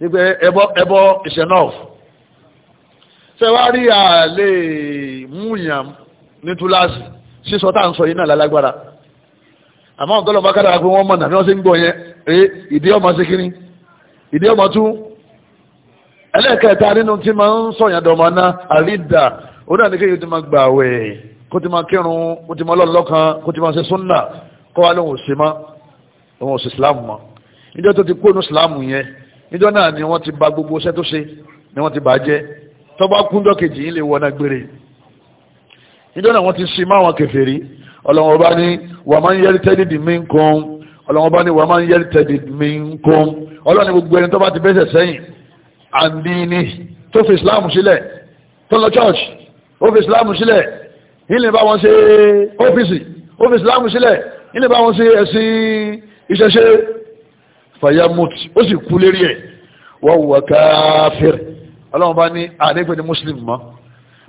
wípé ẹbọ ẹbọ ìṣẹ̀nọ́f sẹ́wárí àlè múyàn ní túláàsì sísọ tá à ń sọ yìí náà lálágbára àmọ́ ọ̀gọ́lọ́mọ kára pé wọ́n mọ̀nà bí wọ́n ṣe ń gbọ́ yẹn eh, ìdí ọmọ ṣe kíní ìdí ọmọ tún ẹlẹ́ẹ̀kẹta nínú tí máa ń sọ̀yàn dọ̀mọ́ náà àrídà ó náà ní kí yóò ti máa gbà wẹ̀ kó ti máa kírun kó ti máa lọ́lọ́kan kó ti máa ṣe súnà kó wá lóhùn sí mọ́ òun ò sí mọ́ níjọ́ tó ti kónú síláàmù yẹn níjọ́ náà ni wọ́n ti bà gbogbo iṣẹ́ tó ṣe ni wọ́n ti bà jẹ́ tọ́ba kúndọ́ kejì yìí lè wọ́n náà gbére níjọ́ náà wọ́n ti sin máwọn kèfèrí ọlọ́wọ́n ọba ní wàá máa ń yẹ́rì tẹ́lẹ̀ àndínì tó fi islam sílẹ̀ tó lọ church ó fi islam sílẹ̀ ilé bá wọn ṣe ọ́fíìsì ó fi islam sílẹ̀ ilé bá wọn ṣe ẹ̀sìn ìṣẹ̀ṣe fayamut ó sì kú lérí ẹ̀ wọ́n wọ káfíìr ọlọ́run bá ní àdégbè ní muslim mọ́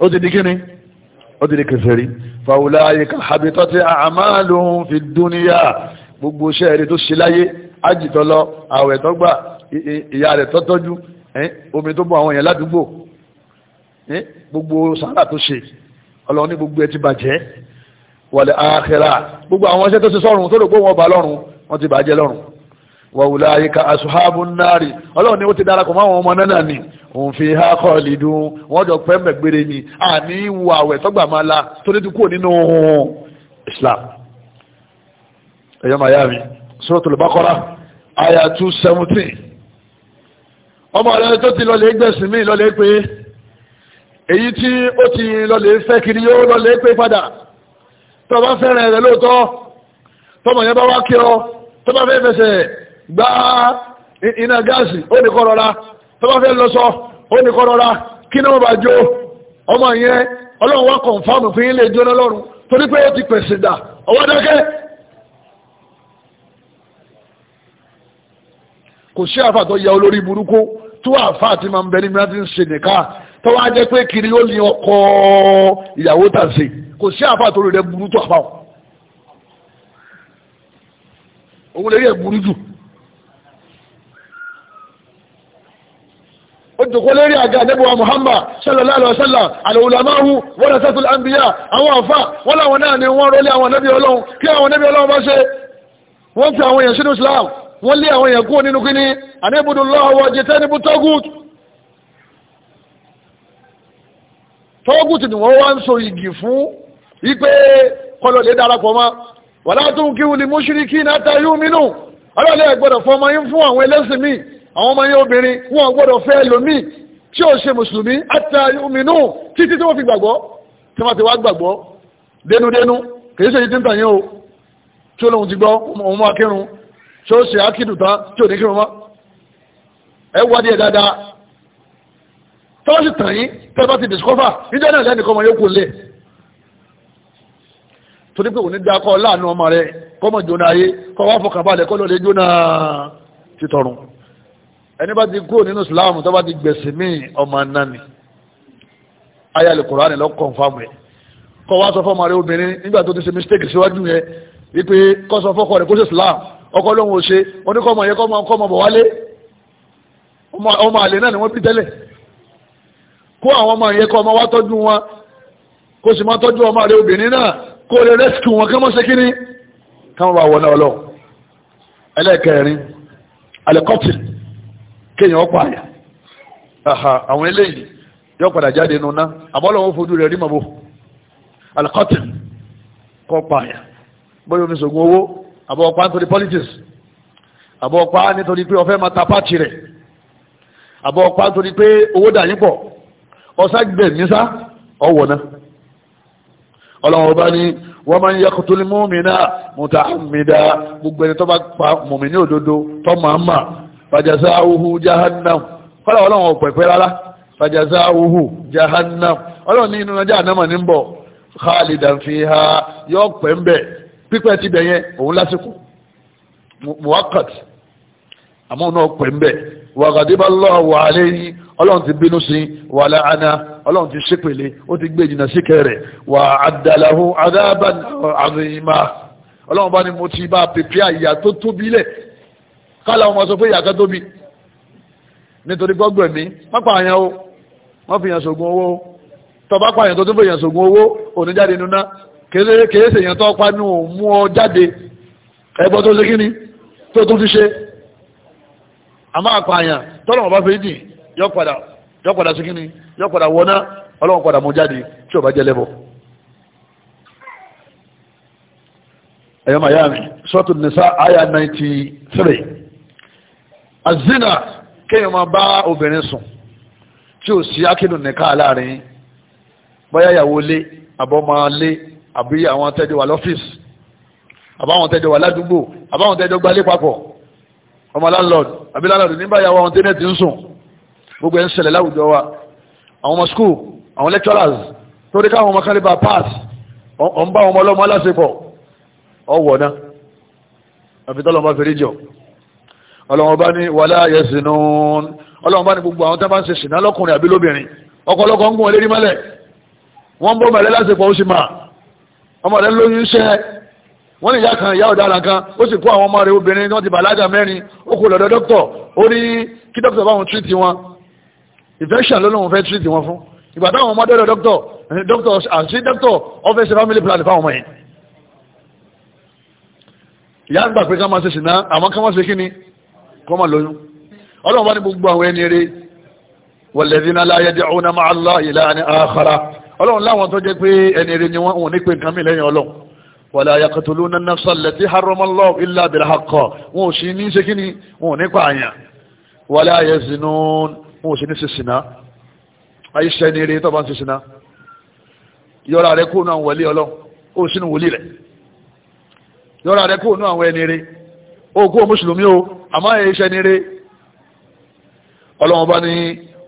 ó ti di kíni ó ti di kèfèrí fàwùlà ayíká habitati àmàlùn fi dúníyà gbogbo iṣẹ́ rẹ̀ tó ṣe láyé ájìtọ́lọ àwẹ̀ ìyá rẹ̀ tó Eh, omi tó bọ́ àwọn èèyàn ládùúgbò eh, gbogbo sàárà tó ṣe ọlọ́run ní gbogbo ẹ ti bàjẹ́ wàlẹ̀ àkẹ́rà gbogbo àwọn iṣẹ́ tó ṣe sọ́run tó rò pé wọ́n bá lọ́run wọ́n ti bàjẹ́ lọ́run wàwùlà ayíká asuhabu nari ọlọ́run ni ó ti darapọ̀ mọ́ àwọn ọmọ náà ni òun fi ha kọ́ lìdún wọ́n jọ pẹ́ mẹ́gbére ni àní ìwà àwẹ̀ tọ́gbà máa la tó ní ti kúrò nínú Islam ẹ̀yọ́ mayami Suratul Baqara aya two seventeen ọmọ rẹ tó ti lọlé gbẹ̀sìn mí lọlé pé èyí tí ó ti lọlé fẹ́ kiri yóò lọlé pé padà tó bá fẹ́ràn rẹ lóòótọ́ tọmọ yẹn bá wá kí ọ tó bá fẹ́ fẹsẹ̀ gbá iná gáàsì ó ní kọ́ rọra tó bá fẹ́ lọ́sọ ó ní kọ́ rọra kí náà bá jó ọmọ yẹn ọlọ́run wá kọ̀ǹfàmù fún yín lè jóná lọ́rùn torí pé ó ti pẹ̀sìn dà ọwọ́ kò sí àfà tó ya olórí burúkú tó àfà tí máa ń bẹ ní mìíràn tí ń ṣe nìka tó wá jẹ́ pé kiri ó ní ọkọ ìyàwó tà sí kò sí àfà tó rẹ burú tó àfà o òun lè rí ẹ burú jù ó jòkó lérí àga Muhammad sallallahu alaihi wasallam al-ulama'u warasatul anbiya àwọn àfà wọ́n làwọn náà ni wọ́n rọ́lé àwọn nẹ́bí ọlọ́run kí àwọn nẹ́bí ọlọ́run bá ṣe wọ́n fi àwọn èèyàn sínú Islam wọ́n lé àwọn èèyàn kúrò nínú kíní àníbùdó lọ́wọ́ jẹtẹ́ níbú tọ́gùt tọ́gùt ni wọ́n wá ń so igi fún wípé kọlọ̀ lè darapọ̀ mọ́ wà látún kí wùlì mùṣírikí náà ta yú mínú ọlọ́lẹ̀ gbọ́dọ̀ fọ́ ọmọ yín fún àwọn ẹlẹ́sìn míì àwọn ọmọ yín obìnrin wọn gbọ́dọ̀ fẹ́ ẹlòmíì tí ó ṣe mùsùlùmí àtà yú mínú títí tí wọ́n fi gbàgbọ́ tí wọ́n ti wá gbàgbọ́ dénúdénú kìí ṣe yìí ń tàn yín o tí ó lóun ti gbọ́ òun mú tí ó ṣe ákìdù tán tí ò ní kírun mọ́ ẹ wádìí ẹ dáadáa tọ́ọ̀sì tàn yín tẹ́ bá ti dìskọ́fà níjọ́ náà lẹ́nìkan ọmọ yókù lé torí pé òní dákọ́ láàánú ọmọ rẹ kọ́mọ̀ jóná ayé kọ́ wá fọkànbalẹ̀ kọ́ jóná títọrùn ẹni bá ti nínú tó bá ti gbẹ̀sìn ọmọ kùránì lọ ẹ̀ kọ́ wá sọ ọkọ lóhun ò ṣe oníkọ́mọ yẹ kọ́mọ kọ́mọ bọ̀ wálé ọmọ àlè náà ni wọ́n bí tẹ́lẹ̀ kó àwọn ọmọ yẹ kọ́ ọmọ wá tọ́jú wọn kó sì máa tọ́jú ọmọ rẹ obìnrin náà kó lè rẹ́sìkì wọn kọ́mọ ṣe kíní káwọn bá wọná ọlọ́run ẹlẹ́ẹ̀kẹrin alẹ́kọ́tì kéèyàn ọ̀pọ̀ àyà àwọn eléyìí yóò padà jáde fojú rẹ̀ rí alẹ́kọ́tì kọ́ pààyà bóyá omi sògùn owó àbọ̀ ọ̀pá nítorí politics àbọ̀ ọ̀pá nítorí pé ọ̀fẹ́ máa ta pàtì rẹ̀ àbọ̀ ọ̀pá nítorí pé owó dà yín pọ̀ ọ̀sá gbẹ̀mí sá ọ̀wọ̀ náà ọlọ́run ọba ni wọ́n máa ń yẹ kótó ní mọ́mìnà mọ́ta àmìdá gbogbo ẹni tó bá pa mọ̀mìnì òdodo tó máa ń mà fàjàsá ahuhu jahannam kọ́lá ọlọ́run ọ̀pẹ̀pẹ̀ rárá fàjàsá ahuhu jahannam ọlọ́run ní inú ọjà náà mà ní bọ̀ khalidan fiha yọ pẹ́ ń bẹ̀ pípẹ́ ti bẹ̀ yẹn òun lásìkò muwakat àmọ́ náà pẹ̀ ń bẹ̀ wàgàdìbà lọ́wọ́ àlẹ́ yìí ọlọ́run ti bínú sí wà láàánà ọlọ́run ti ṣépèlé ó ti gbé ìjìnà síkẹ́ rẹ̀ wà àdàlàhù adábàn àrìmà ọlọ́run bá ní mo ti bá pèpè àyà tó tóbi lẹ̀ kálá wọn sọ pé ìyà kan tóbi nítorí gbọ́gbẹ̀ mi pápá àyàn o wọ́n fi yàn sògùn owó tọ́ bá pààyàn tó tó fi yàn sògùn owó òní jáde nínú náà kèése èèyàn tó panú mú ọ jáde ẹgbọ́ tó ṣe kí ni tó tún fi ṣe àmọ́ àpààyàn tọ́lọ́wọ́n bá fi dì yọ padà yọ padà sí kí ni yọ padà wọná ọlọ́wọ́n padà mú jáde tí ò bá jẹ́ lẹ́bọ̀ ẹ̀yọ́ miami sọ́tù nìsa àyà 93 azina kéèyàn máa bá obìnrin sùn tí ò sí akínú nìka láàrin bóyá ìyàwó lé àbọ́mọ́ lé àbí àwọn tẹ́jọ wà lọ́fíìsì àbáwọn tẹ́jọ wà ládùúgbò àbáwọn tẹ́jọ gbalé papọ̀ ọmọ landlord àbí landlord nígbà yàwó àwọn tẹ́nẹ̀tì ń sùn gbogbo ẹ̀ ń ṣẹlẹ̀ láwùjọ wa àwọn ọmọ school àwọn lecturers torí káwọn ọmọ kálíbà pass ọ̀ ń bá ọmọ ọlọ́mọ aláṣepọ̀ ọwọ́ náà àfi tọ́lọ́ bá fèrè jọ ọlọ́wọ́n bá ní wàlá yẹsìnú ọlọ́wọ́n bá ní gbogbo àwọn tábà ń ṣe ṣìnà lọ́kùnrin àbí lóbìnrin ọkọ̀ ọlọ́kọ̀ ń gún ọ lérí mọ́lẹ̀ wọ́n ń bọ́ mọ̀lẹ́ lásìkò ó sì máa ọmọ rẹ lóyún iṣẹ́ wọ́n lè yá kan ìyá ọ̀daràn kan ó sì kó àwọn ọmọ rẹ obìnrin tí wọ́n ti bàlágà mẹ́rin ó kò lọ́dọ̀ dókítọ̀ ó ní kí dókítọ̀ báwọn tírìtì wọn infection ló lóun fẹ́ tírìtì wọn fún ìgbà táwọn ọmọ dọ́dọ̀ dókítọ̀ eh, dókítọ̀ àti dókítọ̀ ọ́fẹ́sì family plan fáwọn ọmọ yẹn ìyá ń gbà pé ká máa ṣe ṣìnà àmọ́ ká máa ṣe kí ni kó máa lóyún ọlọ́run bá ní gbogbo àwọn ẹni rẹ walladhina ọlọ́run láwọn tó jẹ́ pé ẹni rẹ̀ ni wọ́n wọn ní pé nǹkan mi lẹ́yìn ọlọ́run wala yaqtuluna an-nafsa allati harrama Allahu illa bil-haqq wọn ò sì ní ṣe kí ni wọn ò ní pààyàn wala yazinun wọn ò sì ní ṣe sìnà ayíṣẹ́ ni rẹ̀ tó bá ń ṣe sìnà yọra rẹ̀ kó náà wọlé ọlọ́run ó sínú wòlí rẹ̀ yọra rẹ̀ kó àwọn ẹni rẹ̀ ó kó mùsùlùmí o àmọ́ ẹ̀ṣẹ́ ni rẹ̀ ọlọ́run bá ní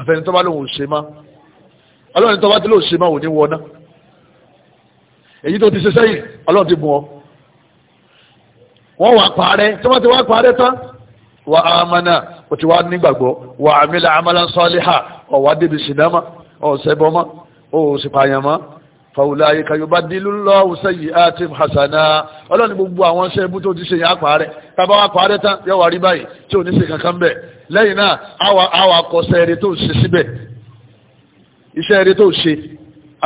àfẹni tó bá lòun ò ṣe má ọlọ́run tó bá tó lòun ṣe má ò ní wọná èyí tó ti ṣe sẹ́yìn ọlọ́run ti bùn ọ wọ́n wà parẹ́ tó bá ti wá parẹ́ tán wà á amánà ó ti wá nígbàgbọ́ wà á mílà amánà sọ́ọ́líhà ọ̀wá débi sinamá ọ̀sẹ̀bọ́má òsìpàyàmá fàwùláyé kàyọ̀bá dìlúlọ́ òsẹ́yì àti hasana ọlọ́run gbogbo àwọn iṣẹ́ tó ti ṣe yẹn á parẹ́ tàbá wá tán yọ lẹ́yìn náà àwọn akọ̀ṣẹ́ eré tó ṣe síbẹ̀ iṣẹ́ eré tó ṣe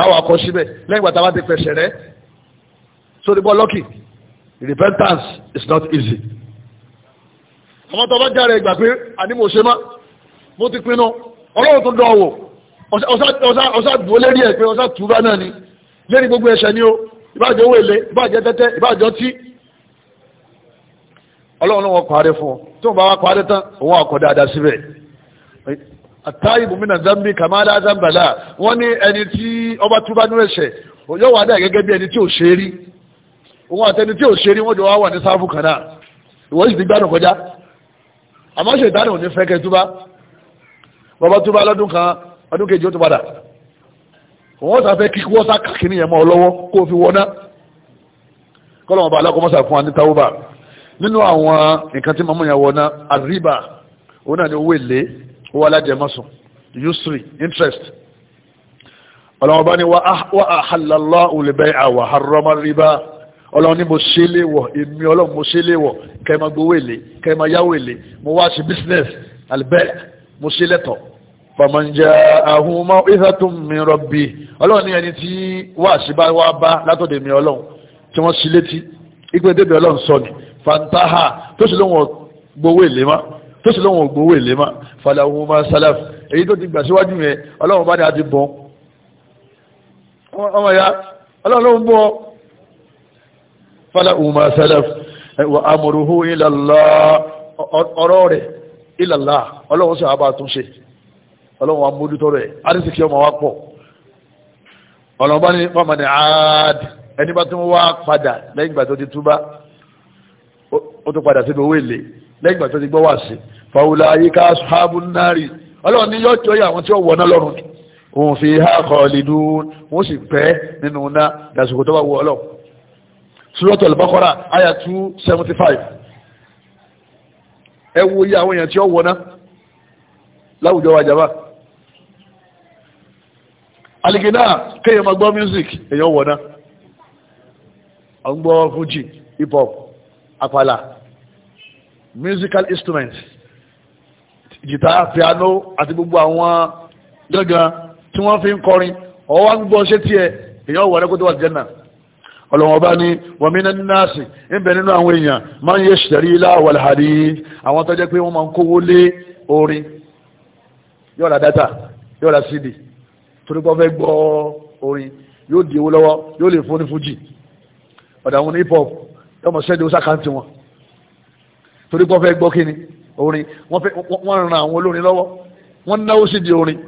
àwọn akọ̀ síbẹ̀ lẹ́yìn gbàtà bá ti pẹ̀sẹ̀ rẹ̀ sórí bọ́ lọ́kì repentance is not easy. àwọn tó bá járe ìgbà pé àní mo ṣe má mo ti pinnu ọlọ́run tó dán wò ọ̀sá dùn ó lérí ẹ̀ pé ọ̀sá tùúbá náà ni lérí gbogbo ẹ̀ṣẹ̀ ni ó ìbáàjẹ́ owó èlé ìbáàjẹ́ tẹ́tẹ́ ìbáàjẹ́ ọtí ọlọ́run ló wọ́n parẹ́ fún ọ tí wọ́n bá wá parẹ́ tán òun àkọ́ dáadáa síbẹ̀ àtàìbù mí zambi kàmáàlá zambala wọ́n ní ẹni tí ọba túbá nú ẹ̀ṣẹ̀ yóò wá dà gẹ́gẹ́ bí ẹni tí ò ṣe rí òun àtẹni tí ò ṣe rí wọ́n jọ wá wà ní sáfù kan náà ìwọ́n sì ti gbádùn kọjá àmọ́ ṣe ìdánù ní fẹ́kẹ́ túbá bàbá túbá lọ́dún kan ọdún kejì ó tún padà òun sà fẹ́ kíkú wọ́sà kàkiri yẹn mọ́ ọ lọ́wọ́ kó o fi wọ́ná kọ́lọ́mọba alákọ̀ọ́mọ́sà fún wa ní táwọ́ báà nínú àwọn nǹkan tí màmú yẹn wọ ná àríbà òun náà ni owó èlé owó alájẹmọ́sùn usury interest ọlọ́wọ́n bá ní wà àhàlálọ́ ah, olùbẹ́ àwà harọ́mà ríbá ọlọ́wọ́n ní mo ṣe léwọ̀ èmi ọlọ́wọ́n mo ṣe léwọ̀ kẹma gbowó èlé kẹma yáwó èlé mo wá sí business albert mo ṣe lẹ́tọ̀ fàmọ̀njà àhùnmọ́ ìfẹ́tò mi rọ̀bì ọlọ́wọ́n ní ẹni tí wà sí bá wá bá látọ̀dẹ̀ mi ọlọ́wọ́n tí wọ́n sí létí ìgbẹ́dẹ́bẹ̀ ọlọ́wọ́n sọ ni fantaha tó sì lóun gbowó èlé má tó sì lóun gbowó èlé má falahu ma salaf èyí tó ti gbà síwájú yẹn ọlọ́run bá ní àti bọ́n ọmọ ya ọlọ́run ló ń bọ́ falahu ma salaf wa amruhu ila Allah ọ̀rọ̀ rẹ̀ ila Allah ọlọ́run sọ àbá àtúnṣe ọlọ́run wa mójútó rẹ̀ àdìsíkì ọmọ wa pọ̀ ọlọ́run bá ní pàmò ní àádì ẹni bá tún wá padà lẹ́yìn ìgbà tó ti túbá ó tún padà sínú owó èlé lẹ́yìn tó ti gbọ́ wá sí fàwùlà ayíká sábúnárì ọlọ́run ní yóò jọyọ̀ àwọn tí ó wọ̀ náà lọ́rùn òun fi há khalidun wọ́n sì pẹ́ nínú náà dàsìkò tó bá wọ ọlọ́run Suratul Baqara àyà two seventy five ẹ wo iye àwọn èèyàn tí ó wọ̀ náà láwùjọ wa jàmbá aligina kéèyàn máa gbọ́ music èèyàn wọ̀ náà ọ̀ Apala musical instrument jìtá piano àti gbogbo àwọn gángan tí wọ́n fi ń kọrin ọwọ́ ń gbọ́ ṣé tiẹ̀ èèyàn wọ̀ lẹ́kọ́ tó wà jẹ́nà ọlọ́wọ́n bá ní wọ̀mínà náàsì níbẹ̀ nínú àwọn èèyàn máa ń yẹ ṣẹ̀rí láwọ̀lẹ̀ àrí àwọn tó jẹ́ pé wọ́n máa ń kówó lé orin yóò ra data yóò ra cd torí pé wọ́n fẹ́ gbọ́ orin yóò di owó lọ́wọ́ yóò lè fún ní fújì ọ̀dà àwọn hip hop yọmọ sẹ́ni ọ̀sà kan ti wọn torí pé wọ́n fẹ́ gbọ́ kíni orin wọ́n fẹ́ wọ́n ran àwọn olórin lọ́wọ́ wọ́n náwó sí di orin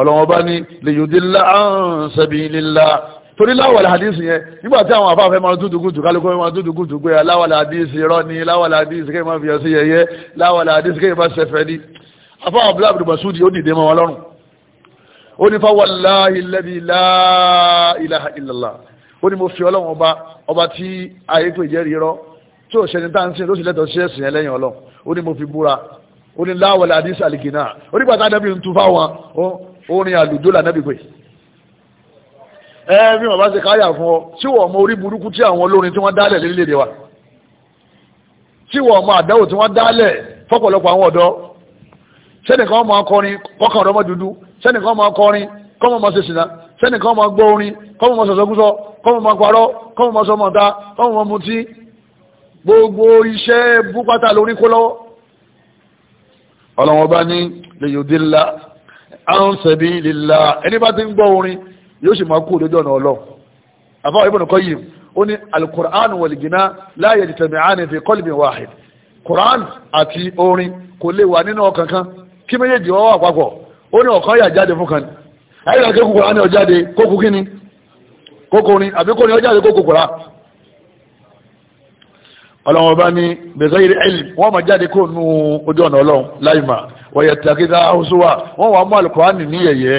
ọlọ́wọ́n bá ní lèyòdìlá sabilillah torí láwàlá hadith yẹn nígbà tí àwọn afáfẹ́ máa dúdú gùdù kálukọ́ máa dúdú gùdù pé láwàlá hadith rọ́ ni láwàlá hadith kéèyàn máa fi ọ̀sẹ̀ yẹyẹ láwàlá hadith kéèyàn bá ṣẹfẹ́ ní afáwọn abúláàbù masudi ó dìde mọ́ wọn lọ́rùn ó ní fáwọn láhìlẹ́bí láìláhà illallah ó ní mo fi ọlọ́run ọba ọba tí ayé pè jẹ́ rírọ́ tí ò ṣẹni táǹsì ló sì lẹ́tọ̀ọ́ sí ẹ̀sìn ẹlẹ́yìn ọlọ́run ó ní mo fi búra ó ní láwọlẹ̀ àdìs àlìkìnà ó nígbà tá ànábì ń tu fáwọn orin àlùjó lànàbì pé ẹ bí wọn bá ṣe káyà fún ọ tí wọn mọ orí burúkú tí àwọn olórin tí wọn dálẹ̀ lélédè wa tí wọn mọ àdáwò tí wọn dálẹ̀ fọ́pọ̀lọpọ̀ àwọn ọ̀dọ́ sẹ́nìkan máa kọrin kọ́kàn ọ̀dọ́mọ dúdú sẹ́nìkan máa kọrin kọ́mọ máa ṣe sìnà sẹ́nìkan máa gbọ́ orin kọ́mọ máa sọ̀sọ́kúsọ kọ́mọ̀ máa parọ́ kọ́mọ̀ máa sọmọ̀ta kọ́mọ̀ máa mutí gbogbo iṣẹ́ búpátá lórí kó lọ́wọ́ ọlọ́wọ́n bá ní lèyòdìlá àwọn sẹ̀bí lílá ẹni bá ti ń gbọ́ orin yóò sì máa kú òdójọ́ ọ̀nà ọlọ́ àbáwọ̀ ibùn kọ́ yìí ó ní alukur'an wọ̀lìgínà láàyè ìtẹ̀mẹ̀ àánì fi kọ́lìmì wàhìd kur'an àti orin kò lè wà nínú ọkàn kan kí méjèèjì wọ́n wà papọ̀ ó ní ọ̀kan yà jáde fún kan ayélujára kókòrin àbí kò ní ọjà àti kókò kòrá ọlọ́run ọba ní bẹ̀sẹ̀ yìí ẹ̀lì wọ́n máa jáde kó nu ojú ọ̀nà ọlọ́run láìmà wọ́yẹ̀ tàkìtà ọ̀ṣùwà wọ́n wàá mú àlùkòránì ní yẹ̀yẹ́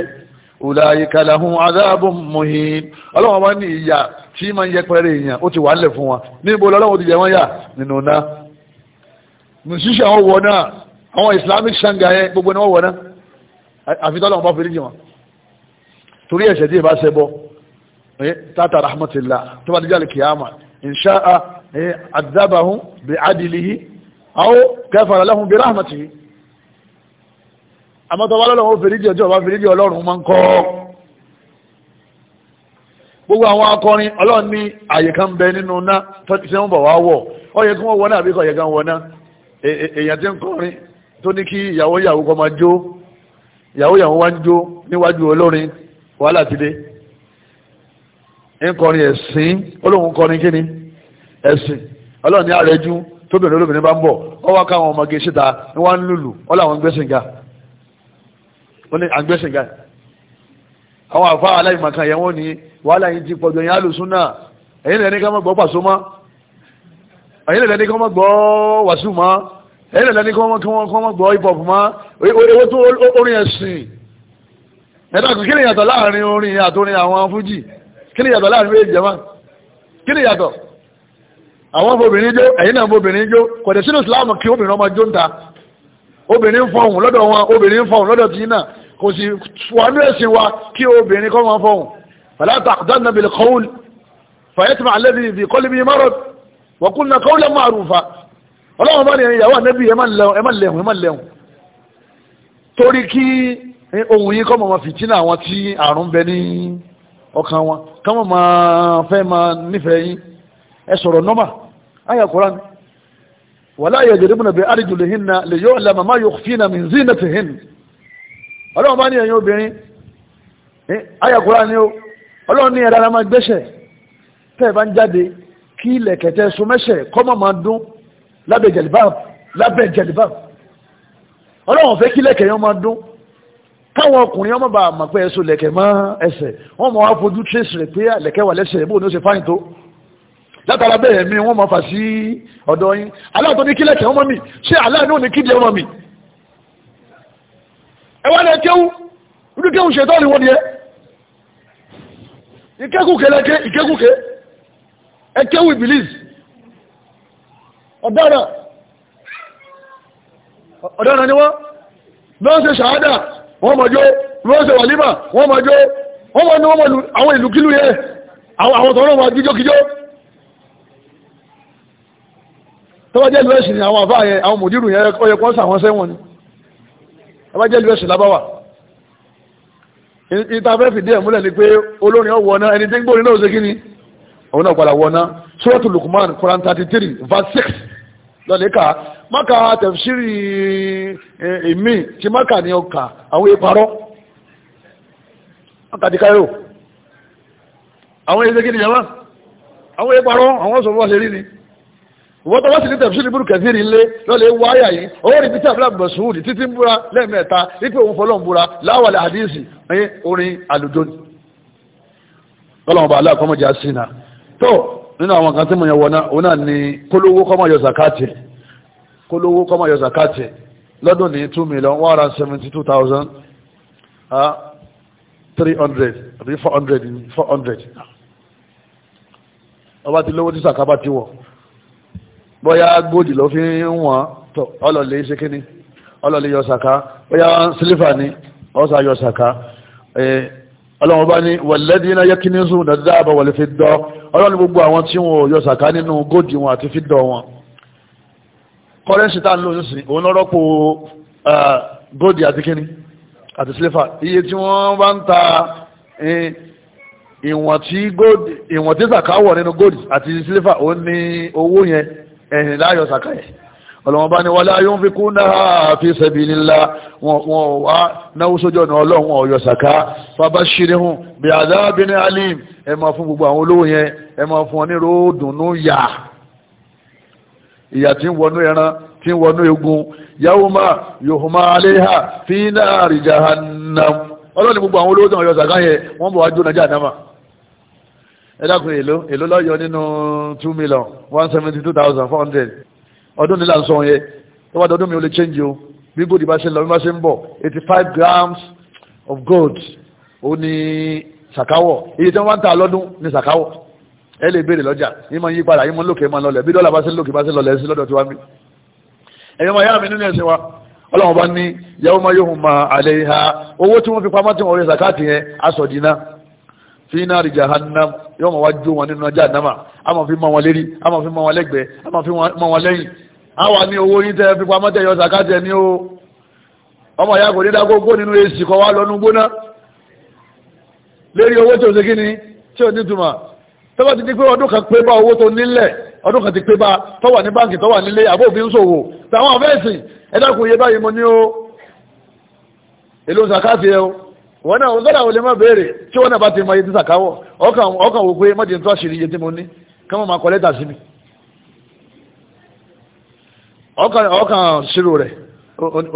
ulaika lahum adhabun muhin ọlọ́run ọba ní ìyà tí máa ń yẹpẹrẹ èèyàn ó ti wà lẹ̀ fún wa níbo lọ́lọ́run ti jẹ wọ́n yà nínú náà nùsíṣẹ́ àwọn wọ̀ náà àwọn islamic sanga yẹn gbogbo ni wọ́n wọ̀ náà àfi tọ́lọ́run bá fi rí jì wọn torí ẹ̀ṣẹ̀ tí Eh, tata rahmatillah tó bá díjà lè kìyàmà inṣáà àdábàhún bí adìlìhí àwọn kẹfàrà lẹ́hùn bí rahmatihi àmọ́tọ́ wá lọ́lọ́wọ́ fèrèjì ọjọ́ ọba fèrèjì ọlọ́run máa ń kọ́ gbogbo àwọn akọrin ọlọ́run ní àyè kan bẹ nínú ná tí wọ́n bọ̀ wá wọ̀ ọ yẹ kí wọ́n wọná àbíkọ̀ yẹ kan wọná e, e, èèyàn tí ń kọrin tó ní kí ìyàwó yàwó kọ́ máa jó ìyàwó yàwó wá ń jó níwájú olórin wàhálà ti dé ń kọrin ẹ̀sìn olóhùn kọrin kíni ẹ̀sìn ọlọ́run ní àrẹ́jú tóbìnrin olóbìnrin bá ń bọ̀ ọ wá káwọn ọmọge síta ni wọ́n ń lùlù ọ làwọn gbẹ́sìnga wọ́n ní àgbẹ́sìnga àwọn àfa aláìmọ̀kan yẹn wọ́n ní wàhálà yìí ti pọ̀jù ẹ̀yìn alùsùn náà ẹ̀yìn lẹ́ni ká má gbọ́ pàṣọ mọ́ ẹ̀yìn lẹ́ni ká má gbọ́ wàṣù mọ́ ẹ̀yìn lẹ́ni ká má gbọ́ hip hop mọ́ owó tó orin ẹ̀sìn ẹ̀dá kò kí kí ni yàtọ̀ láàrin méjì jẹ́mọ́ kí ni yàtọ̀ àwọn obìnrin jó ẹ̀yin náà obìnrin jó kò dé sínú ìsìláàmù kí obìnrin ọmọ jó ń ta obìnrin ń fọhùn lọ́dọ̀ wọn obìnrin ń fọhùn lọ́dọ̀ tí náà kò sì wọnú ẹ̀sìn wa kí obìnrin kọ́ máa fọhùn fàlá taqdanna bil qawl fayatma alladhi fi qalbihi marad wa qulna qawlan ma'rufa ọlọ́run bá nìyẹn ọkàn wọn káwọn máa fẹ́ máa nífẹ̀ẹ́ yín ẹ sọ̀rọ̀ nọ́mà ayà kúrán wala yajribna bi arjulihinna li yu'lama ma yukhfina min zinatihin ọlọ́run bá ní ẹ̀yin obìnrin ayà kúrán ni ó ọlọ́run ní ẹ̀rọ máa gbẹ́sẹ̀ tẹ́ ẹ bá ń jáde kí ilẹ̀ kẹtẹ súnmẹ́sẹ̀ kọ́mọ̀ máa dún lábẹ́ jẹ̀lìbáàbù lábẹ́ jẹ̀lìbáàbù ọlọ́run fẹ́ kí ilẹ̀ kẹyàn máa dún káwọn ọkùnrin ọmọ bá mọ̀ pé ẹ̀sùn lẹ̀kẹ̀ mọ́ ẹsẹ̀ wọ́n mọ̀ wá fojú trace rẹ̀ pé lẹ̀kẹ̀ wà lẹ́sẹ̀ bóun ni ó ṣe fáyìn tó látara bẹ́ẹ̀ mi wọ́n mọ̀ fà sí ọ̀dọ̀ yín aláàtọ̀ ní kílẹ̀kẹ̀ ọmọ mi ṣé aláàánú ní kídìí ọmọ mi ẹ wá lẹ́ẹ̀ kéwú ṣàádà wọ́n mọ̀ jó lọ́sẹ̀ wàlímà wọ́n mọ̀ jó wọ́n mọ̀ ní wọ́n mọ̀ àwọn ìlú kílù yẹ àwọn tọ́rọ wọn jíjó kíjó tọ́wọ́jẹ́ ìlú ẹ̀sìn àwọn àfáà yẹn àwọn mòdírù yẹn ọyẹ kọ́ sàwọn sẹ́wọ̀n ni tọ́wọ́jẹ́ ìlú ẹ̀sìn lábáwà ìtafẹ́ fìdí ẹ̀ múlẹ̀ ni pé olórin ọwọ́ náà ẹni tí ń gbórin verse lọ́lẹ́ka mọ́ka tẹ̀fṣírí èmi tí mọ́ka ni ọkà àwọn ìparọ́ mọ́ka di káyọ̀ àwọn èdè kí ni yàrá àwọn ìparọ́ àwọn sọ̀rọ̀ wọ́n ṣe rí ni wọ́n tọ́wọ́ sí ní tẹ̀fṣírí burúkú kẹfìrí ńlé lọ́lẹ́ wáyà yìí owó rí bísí àbúrà bẹ̀sùn nínú àwọn kan tí mo yẹn wọ̀ná òun náà ni kólówó kọ́mọ̀ yọ zakati kólówó kọ́mọ̀ yọ zakati lọ́dún ní two million one hundred seventy two thousand ah, three hundred àbí four hundred four hundred ọba ti lówó tí sàkábà ti wọ̀ bóyá góòdì ló fi ń wọ̀n tó ọlọ́lẹ̀ ṣe kíni ọlọ́lẹ̀ yọ sàká ọlọ́run bá ní walladhina yaknizuna dhahaba wal fidda ọlọ́run ní gbogbo àwọn tí wọn ò yọ sàká nínú góòdì wọn àti fídọ̀ wọn kọ́rẹ́nsì tá ń lò nísìn òun lọ rọ́pò góòdì àti kíní àti sílẹ́fà iye tí wọ́n bá ń ta ìwọ̀n tí sàká wọ̀ nínú góòdì àti sílẹ́fà òun ní owó yẹn ẹ̀yìn láyọ̀ sàká yẹn ọlọ́wọ́n bá ní wọlé ayúnfikúnná fi sabilillah wọn wá náwó sójú ọ̀nà ọlọ́run ọ̀yọ̀ sàká fabashirihun bí adhabin alim ẹ máa fún gbogbo àwọn olówó yẹn ẹ máa fún ọ ní ròódùnú yà ìyà tí ń wọnú ẹran tí ń wọnú egun yawma yuhma alayha fi nari jahannam ọlọ́run gbogbo àwọn olówó ọ̀yọ̀ sàká yẹn wọ́n bọ̀ wá jóná jahannama ẹ dákun èlò èlò lọ́yọ̀ nínú two million one seventy two thousand four hundred ọdún nílà ń sọ yẹn tó bá dọdún mi ò lè change o bí gold bá ṣe ń lọ bí bá ṣe ń bọ̀ eighty five grams of gold ó ní sàkáwọ̀ iye tí wọ́n bá ń ta lọ́dún ní sàkáwọ̀ ẹ lè béèrè lọ́jà yín máa ń yí padà yín máa ń lókè máa ń lọlẹ̀ bí dọ́là bá ṣe ń lókè bá ṣe ń lọlẹ̀ sí lọ́dọ̀ tiwa mi ẹ̀yọ́ máa yára mi nínú ẹ̀sìn wa ọlọ́run bá ní yàwó máa yóò máa àlẹ́ ha owó tí wọ́n fi pamọ́ tí wọ́n rí sàkáàtì yẹn aṣọ dínà fi nari jahannam yóò máa wá jó wọn nínú jahannama a máa fi mọ wọn lérí a máa fi mọ wọn lẹ́gbẹ̀ẹ́ a máa fi mọ wọn lẹ́yìn àwa ni owó yín fi pamọ́ yọ ní o ọmọ ya kò ní dákókó nínú èsì kọ́ wá lọ́nu gbóná lérí owó tí o ṣe kí ni tí o ní túmọ̀ tọ́wọ́ ti di pé ọdún kan pé bá owó tó nílẹ̀ ọdún kan ti pé bá tọ́wà ní báǹkì tọ́wà nílé àbófin ṣòwò tàwọn ọ̀fẹ́sìn ẹ̀dàkùn iye báyìí mo ní o èlò sàkáàtì ẹ o wọ́n náà lọ́dà má béèrè tí náà ọkàn ṣírò rẹ̀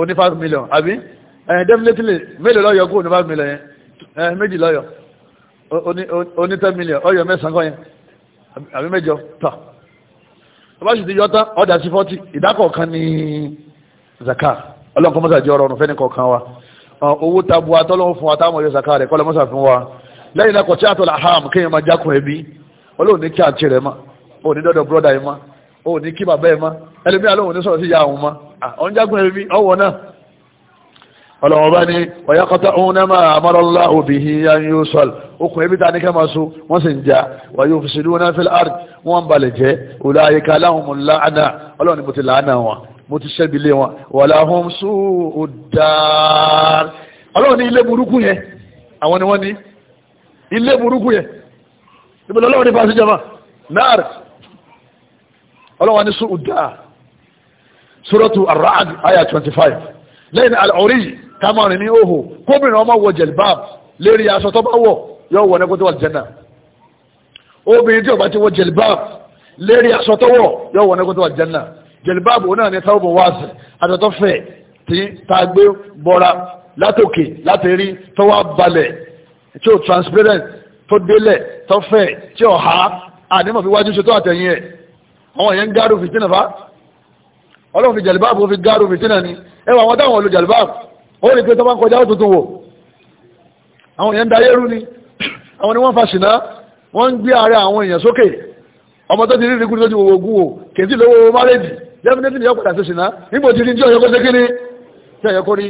oní 5 million àbí ẹ̀yìn eh, definitely mélòó lọ́yọ̀ kú oní 5 million yẹn ẹ̀yìn eh, méjì lọ́yọ̀ oní 10 million ọyọ̀ mẹ́sàn-án kan yẹn àbí mẹ́jọ tà ọba sì ti yọ tán ọjà sí 40 ìdákọ̀ọ̀kan ní zaka ọlọ́nkọ́ mọ́sà jẹ́ ọ̀rọ̀ ọ̀nà fẹ́ni kọ̀ọ̀kan wa eh, owó tabu atọ́lọ́wọ́ fún wa táwọn ọyọ zaka rẹ̀ kọ́lọ́ mọ́sà fún wa lẹ́yìn náà kọ̀tí àtọ́lá ham kéèyàn máa jákùn ẹbí ọlọ́run ní kí àti rẹ̀ ma òní dọ́dọ̀ brọ́dà yìí ma òní kí bàbá yìí ma ẹlẹ́bí alóhùn ní sọ̀rọ̀ sí ya àwọn ọmọ ọ̀n jágún ẹlẹ́bí ọwọ́ náà ọlọ́wọ́ bá ní ọ̀yákọ́tà òun náà máa amọ́rọ́lá òbí yíya yóò sọ̀l okùn ẹbí ta ní kẹ́mà so wọ́n sì ń ja wà yóò fi ṣèlú náà fẹ́lẹ́ àrùn wọ́n ń balẹ̀ jẹ́ òlà àyíká aláhùn mú lánàá ọlọ́run ni mo ti lánàá wọn mo ti ṣẹ́bi lé wọn wà láhùn sú òdàr ni wọ́n ní suratu arad aya 25. five lẹ́yìn alọ́rí kamarin ní òhò kóbìnrin ọmọ wọ jẹ̀lbáb lérí aṣọ tó bá wọ̀ yóò wọ nẹ́kó tó wà jẹ́nà obìnrin tí ó bá ti wọ jẹ̀lbáb lérí aṣọ tó wọ̀ yóò wọ nẹ́kó tó wà jẹ́nà jẹ̀lbáb òun náà ní sáwọ́bù wáàsì aṣọ tó fẹ̀ tí ta gbé bọ́ra látòkè láti rí tó wá balẹ̀ tí ó transparent tó délẹ̀ tó fẹ̀ tí ó ha ànímọ̀ fi wájú ṣe tó àtẹ̀yìn ẹ̀ àwọn èèyàn ń gárùn fìtínà fa ọlọ́run fi jàlìbáàbù fi gáàrù fi sínà ni ẹwà àwọn táwọn olù jàlìbáàbù ó rí pé tọ́bá ń kọjá ó tuntun wò àwọn èèyàn dayé rú ni àwọn ni wọ́n fa ṣìná wọ́n ń gbé ààrẹ àwọn èèyàn sókè ọmọ tó ti rí rikú tó ti wòwò gún wò kèsì lówó márèjì lẹ́mìnẹ́tì ni ọkọ̀ tàṣe ṣìná nígbò ti rí tí ọ̀yọ́kọ́ sékí ni tí ọ̀yọ́kọ́ rí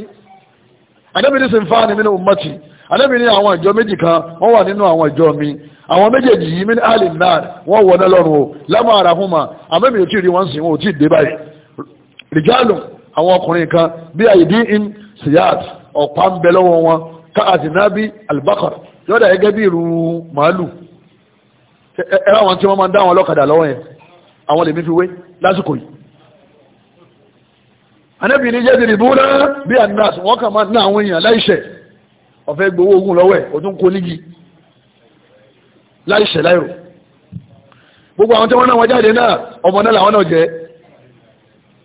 àdẹ́bì ní sin fáàni mi ní ummati àdẹ́bì ní àwọn ìjọ méjì kan wọ́n wà nínú àwọn ìjọ mi àwọn méjèèjì yìí mi ní alì náà wọ́n wọ̀ náà lọ́rùn o lámàrà fún ma àmẹ́mi ò tí ì rí wọ́n sìn wọn ò tí ì dé báyìí rìjálù àwọn ọkùnrin kan bí àyèdí in siyat ọ̀pá ń bẹ lọ́wọ́ wọn ká àzìnábí albakar yọ́dà gẹ́gẹ́ bí irú màálù ẹ̀rọ àwọn tí wọ́n máa ń dá àwọn ọlọ́kadà lọ́wọ́ yẹn àwọn lèmi fi wé lásìkò yìí anábì ní jẹ́ ìdìbò náà bí anas wọ́n kà máa ná àwọn èèyàn láìṣẹ̀ ọ̀fẹ́ gbowó ogun lọ́wọ́ ẹ̀ ó tún nígi láìṣẹ̀ láìrò gbogbo àwọn tí wọ́n náà wọ́n jáde náà ọmọ náà làwọn náà jẹ́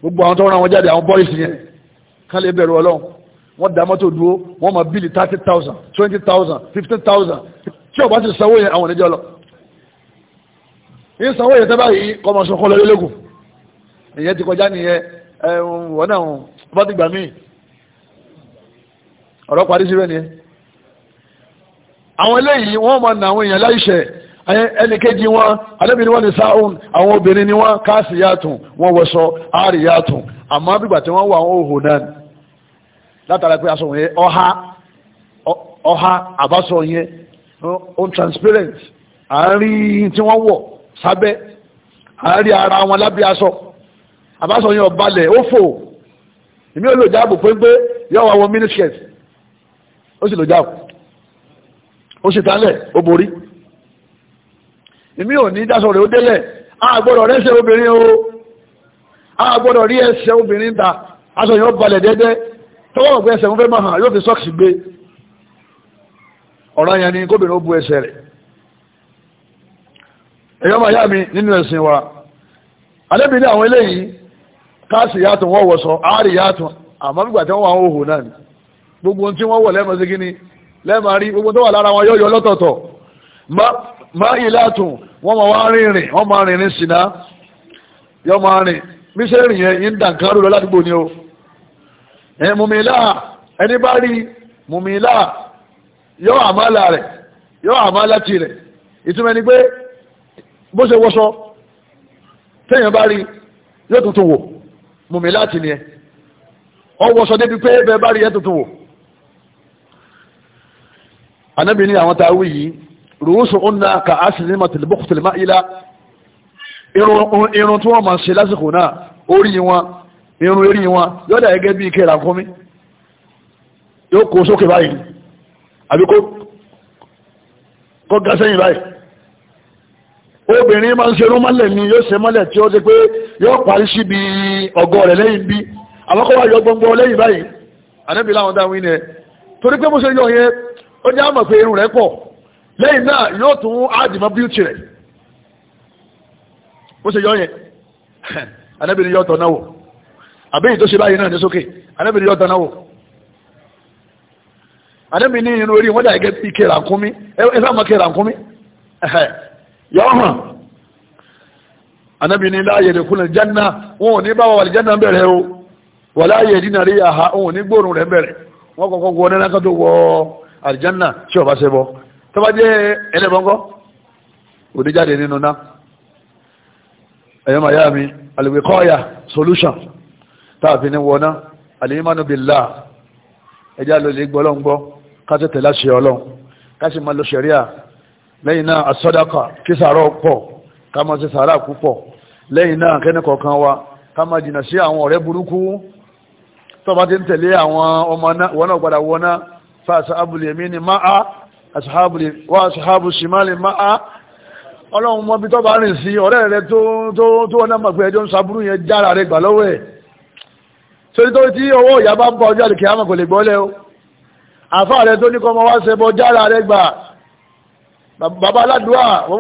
gbogbo àwọn tó rán wọn jáde àwọn bọ́ìsì yẹn ká lè bẹ̀rù ọlọ́run wọ́n dá mọ́tò dúró wọ́n máa bílì thirty thousand twenty thousand fifteen thousand tí ọba ti sanwó yẹn àwọn oníjọ́ lọ. yín sanwó yẹn tẹ́bá yìí kọ́ máa sọkọ́ lọ lélẹ́kùn ìyẹn ti kọjá nìyẹn wọ́n náà bá ti gbà míì ọ̀rọ̀ parí síbẹ̀ nìyẹn. àwọn eléyìí wọ́n máa nà àwọn èèyàn láìṣẹ̀ ẹnìkejì wọn alẹ́bìnrin wọn ni sáhùn àwọn obìnrin ni wọn káàsì yàtùn wọn wọṣọ àárì yàtùn àmọ́ bígbà tí wọ́n wà wọn òhò náà látara pé aṣọ yẹn ọha ọha àbáṣọ yẹn on transparent àárín tí wọ́n wọ̀ sábẹ́ àárín ara wọn lábẹ́ aṣọ àbáṣọ yẹn ọ̀balẹ̀ ó fò èmi ò lò jáàbù péńpé yọ wà wọ mínísíkẹ̀tì ó sì lò jáàbù ó sì tálẹ̀ ó borí èmi ò ní dáṣọ rẹ̀ ó délẹ̀ àgbọ̀dọ̀ rẹ́sẹ̀ obìnrin o àgbọ̀dọ̀ rí ẹsẹ̀ obìnrin ta aṣọ yóò balẹ̀ dẹ́dẹ́ tọwọ́ ọ̀gbẹ́ ẹsẹ̀ wọn fẹ́ máa hàn yóò mi nínú ẹ̀sìn wa alẹ́bí ní àwọn eléyìí káàsì yàtọ̀ wọ́n wọ̀sọ àárì yàtọ̀ àmọ́ nígbà tí wọ́n ni gbogbo tí wọ́n wọ̀ lẹ́mọ̀ sí kí ni lẹ́mọ̀ rí gbogbo tó wà lára wọn yóò yọ lọ́tọ̀ọ̀tọ̀ má ìlàtùn wọ́n máa wá wọ́n máa rìnrìn sínà yọ́ máa rìn mísẹ́ rìn yẹn ń dà nǹkan rúlọ ládùúgbò ni o ẹni bá rí mùmílà yọ àmàlà rẹ̀ yọ àmàlà ti ìtumọ̀ ni pé bó ṣe wọṣọ téèyàn bá rí yóò tuntun wò mùmílà ti ni ẹ ọ wọṣọ débi pé bá a wí rùúsù ọ̀nà ka a sì ní matilibukutu ma ila irun tí wọ́n máa ṣe lásìkò náà orí wọn irun orí wọn yóò dà gẹ́gẹ́ bí ike ràkúnmí yóò kó sókè báyìí àbí kó ga sẹ́yìn báyìí obìnrin máa ń ṣe irun mọ́lẹ̀ mi yóò ṣe mọ́lẹ̀ tí ó ti pé yóò parí síbi ọgọ́ rẹ̀ lẹ́yìn bí àwọ́kọ́ wà yọ gbọ́ngbọ́ lẹ́yìn báyìí ànábì láwọn dáwìn yẹn torí pé mo ṣe yọ yẹn ó jẹ́ àmọ̀ pé irun rẹ̀ pọ̀ lẹ́yìn náà yóò tún áàdìmọ́ bíútì rẹ̀ ó ṣe yọ yẹn anábìrin yọ tọ̀nà wò àbẹ́yìn tó ṣe báyìí náà ní sókè anábìrin yọ tọ̀nà wò anábìrin ní irun orí wọ́n dà gẹ́gẹ́ bí kéèrà nkúmi ẹ fẹ́ mọ kéèrà nkúmi yọ hàn anábìrin ní láàyè rẹ̀ kúnlẹ̀ jẹ́nà wọn ò ní bá jẹ́nà bẹ̀rẹ̀ o wà láàyè àhà wọn tó bá jẹ́ ẹlẹ́bọ̀ngọ́ òde jáde nínú náà ẹ̀yọ́ màá yá solution táàfin ní wọná àlèyémánu bìlá ẹjá ló lè gbọ́ ọlọ́run gbọ́ káṣẹ́ káṣẹ́ máa lo ṣẹ̀ríà lẹ́yìn náà àsọdákà kí sàárọ̀ pọ̀ ká máa ṣe sàárà púpọ̀ lẹ́yìn náà kẹ́ni kọ̀ọ̀kan wa ká máa jìnnà sí àwọn ọ̀rẹ́ burúkú tó bá ti ń tẹ̀lé àwọn ọmọ náà wọ́n ni máa aṣàbù ṣìmáàlì máa ọlọ́run mọ́ bí tó bá rìn sí ọ̀rẹ́ rẹ tó ọ̀nà mọ̀ pé ẹjọ́ ń sàbúrú yẹn jára rẹ gbà lọ́wọ́ ẹ̀ torí tó tí ọwọ́ ìyá bá bọ́ ọjọ́ àdìkẹ́ àmọ̀ kò lè gbọ́lẹ̀ o àfáà rẹ tó ní kọ́ ọmọ wá ṣe bọ́ jára rẹ gbà bàbá aládùá o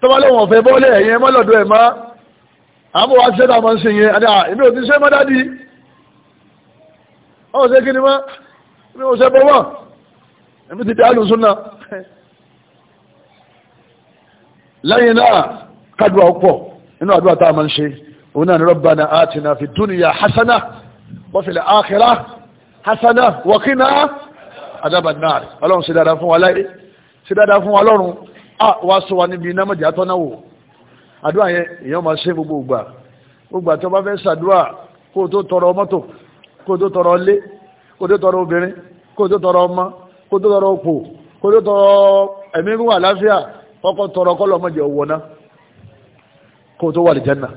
tó bá lọ́wọ́ ọ̀fẹ́ bọ́lẹ̀ ẹ̀yẹn mọ́lọ̀dọ̀ ẹ̀ má àmọ́ wá ṣe ọ̀ ṣe kí ni má ní ọ̀ṣẹ́ bọ́ wà ẹ̀mí ti dáàlù súnà lẹ́yìn náà kádùá ọ̀pọ̀ inú àdúrà tá a máa ń ṣe òun náà ni rabbana atina fi dúnìyà hasana wa fil akhirah hasana wa qina adhaban nar ọlọ́run ṣe dáadáa fún wa láyé ṣe dáadáa fún wa lọ́run a wá sọ wa níbi iná mọ̀jà tọ́nà wò àdúrà yẹn èèyàn máa ṣe gbogbo ògbà gbogbo àti ọba fẹ́ ṣàdúrà kó o tó tọrọ mọ́tò kó tó tọrọ ilé kó tó tọrọ obìnrin kó tó tọrọ ọmọ kó tó tọrọ opò kó tó tọrọ ẹ̀mí wà láfíà kọ́kọ́ tọrọ kọ́lọ̀ mọ́jẹ̀ owó náà kó wà àlìjánà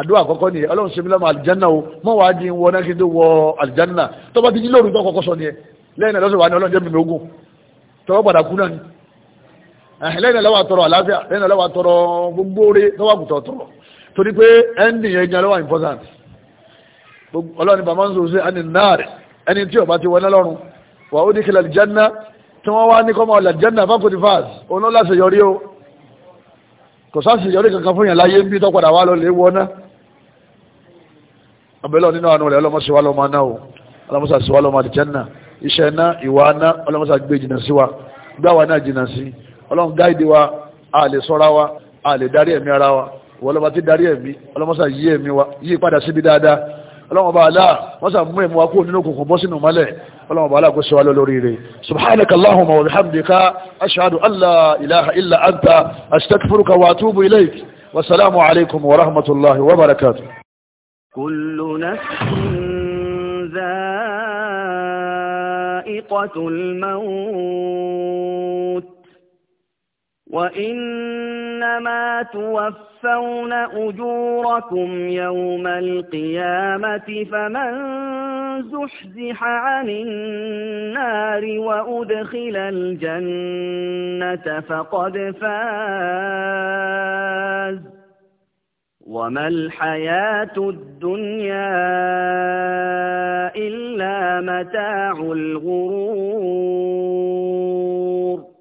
àdúrà àkọ́kọ́ ni ọlọ́run ṣe mí lọ́mọ àlìjánà o mọ́ wàá di wọ náà kí n tó wọ àlìjánà tó bá ti jí lóru tó kọ́kọ́ sọ ni ẹ lẹ́yìn náà lọ́sọ̀ wà ní ọlọ́run jẹ́ mímí ogun tọwọ́ padà kú náà ni lẹ́yìn náà lọ́wọ́ àtọrọ àlàáfíà lẹ́yìn náà lọ́wọ́ àtọrọ gbogbo oore tọwọ́ àgùntàn tọrọ torí pé ẹ́ndì yẹn ọlọ́ni bàbá ń sọ sí ẹni náàrẹ̀ ẹni tí ọba ti wọlé lọ́rùn wà ó dìkìlà aljanna tí wọ́n wá ní kọ́mọ aljanna fákòtí fáàs òun lọ́la ṣe yọrí o kò sáàsì yọrí kankan fún yàn láyé ń bí tọ́padà wá lọ lè wọná ọbẹ̀lọ́ nínú àánú rẹ̀ ọlọ́mọṣẹ́wá lọ́mọ náà o ọlọ́mọṣà síwá lọ́mọ aljanna iṣẹ́ ná ìwà ná ọlọ́mọṣà gbé jìnà sí wa gbáwa náà jìnà sí ọlọ́run gáìdì wa a lè sọ́ra wa a lè darí ẹ̀mí ara wa ìwọ́lọ́ba ti darí ẹ̀mí ọlọ́mọṣà yí ẹ̀mí wa yí padà síbi dáadáa ọlọ́wọ́n bá aláà wọ́n sà mú ìmú akó nínú kòkò bọ́ sínú mọ́lẹ̀ ọlọ́wọ́n bá aláà kó ṣe wá lórí rẹ̀ subhanaka allahumma wa bihamdika ashhadu an la ilaha illa anta astaghfiruka wa atubu ilayk wa salaamu alaykum wa rahmatullahi wa barakatuh kullu nafsin dha'iqatul maut وإنما توفون أجوركم يوم القيامة فمن زحزح عن النار وأدخل الجنة فقد فاز وما الحياة الدنيا إلا متاع الغرور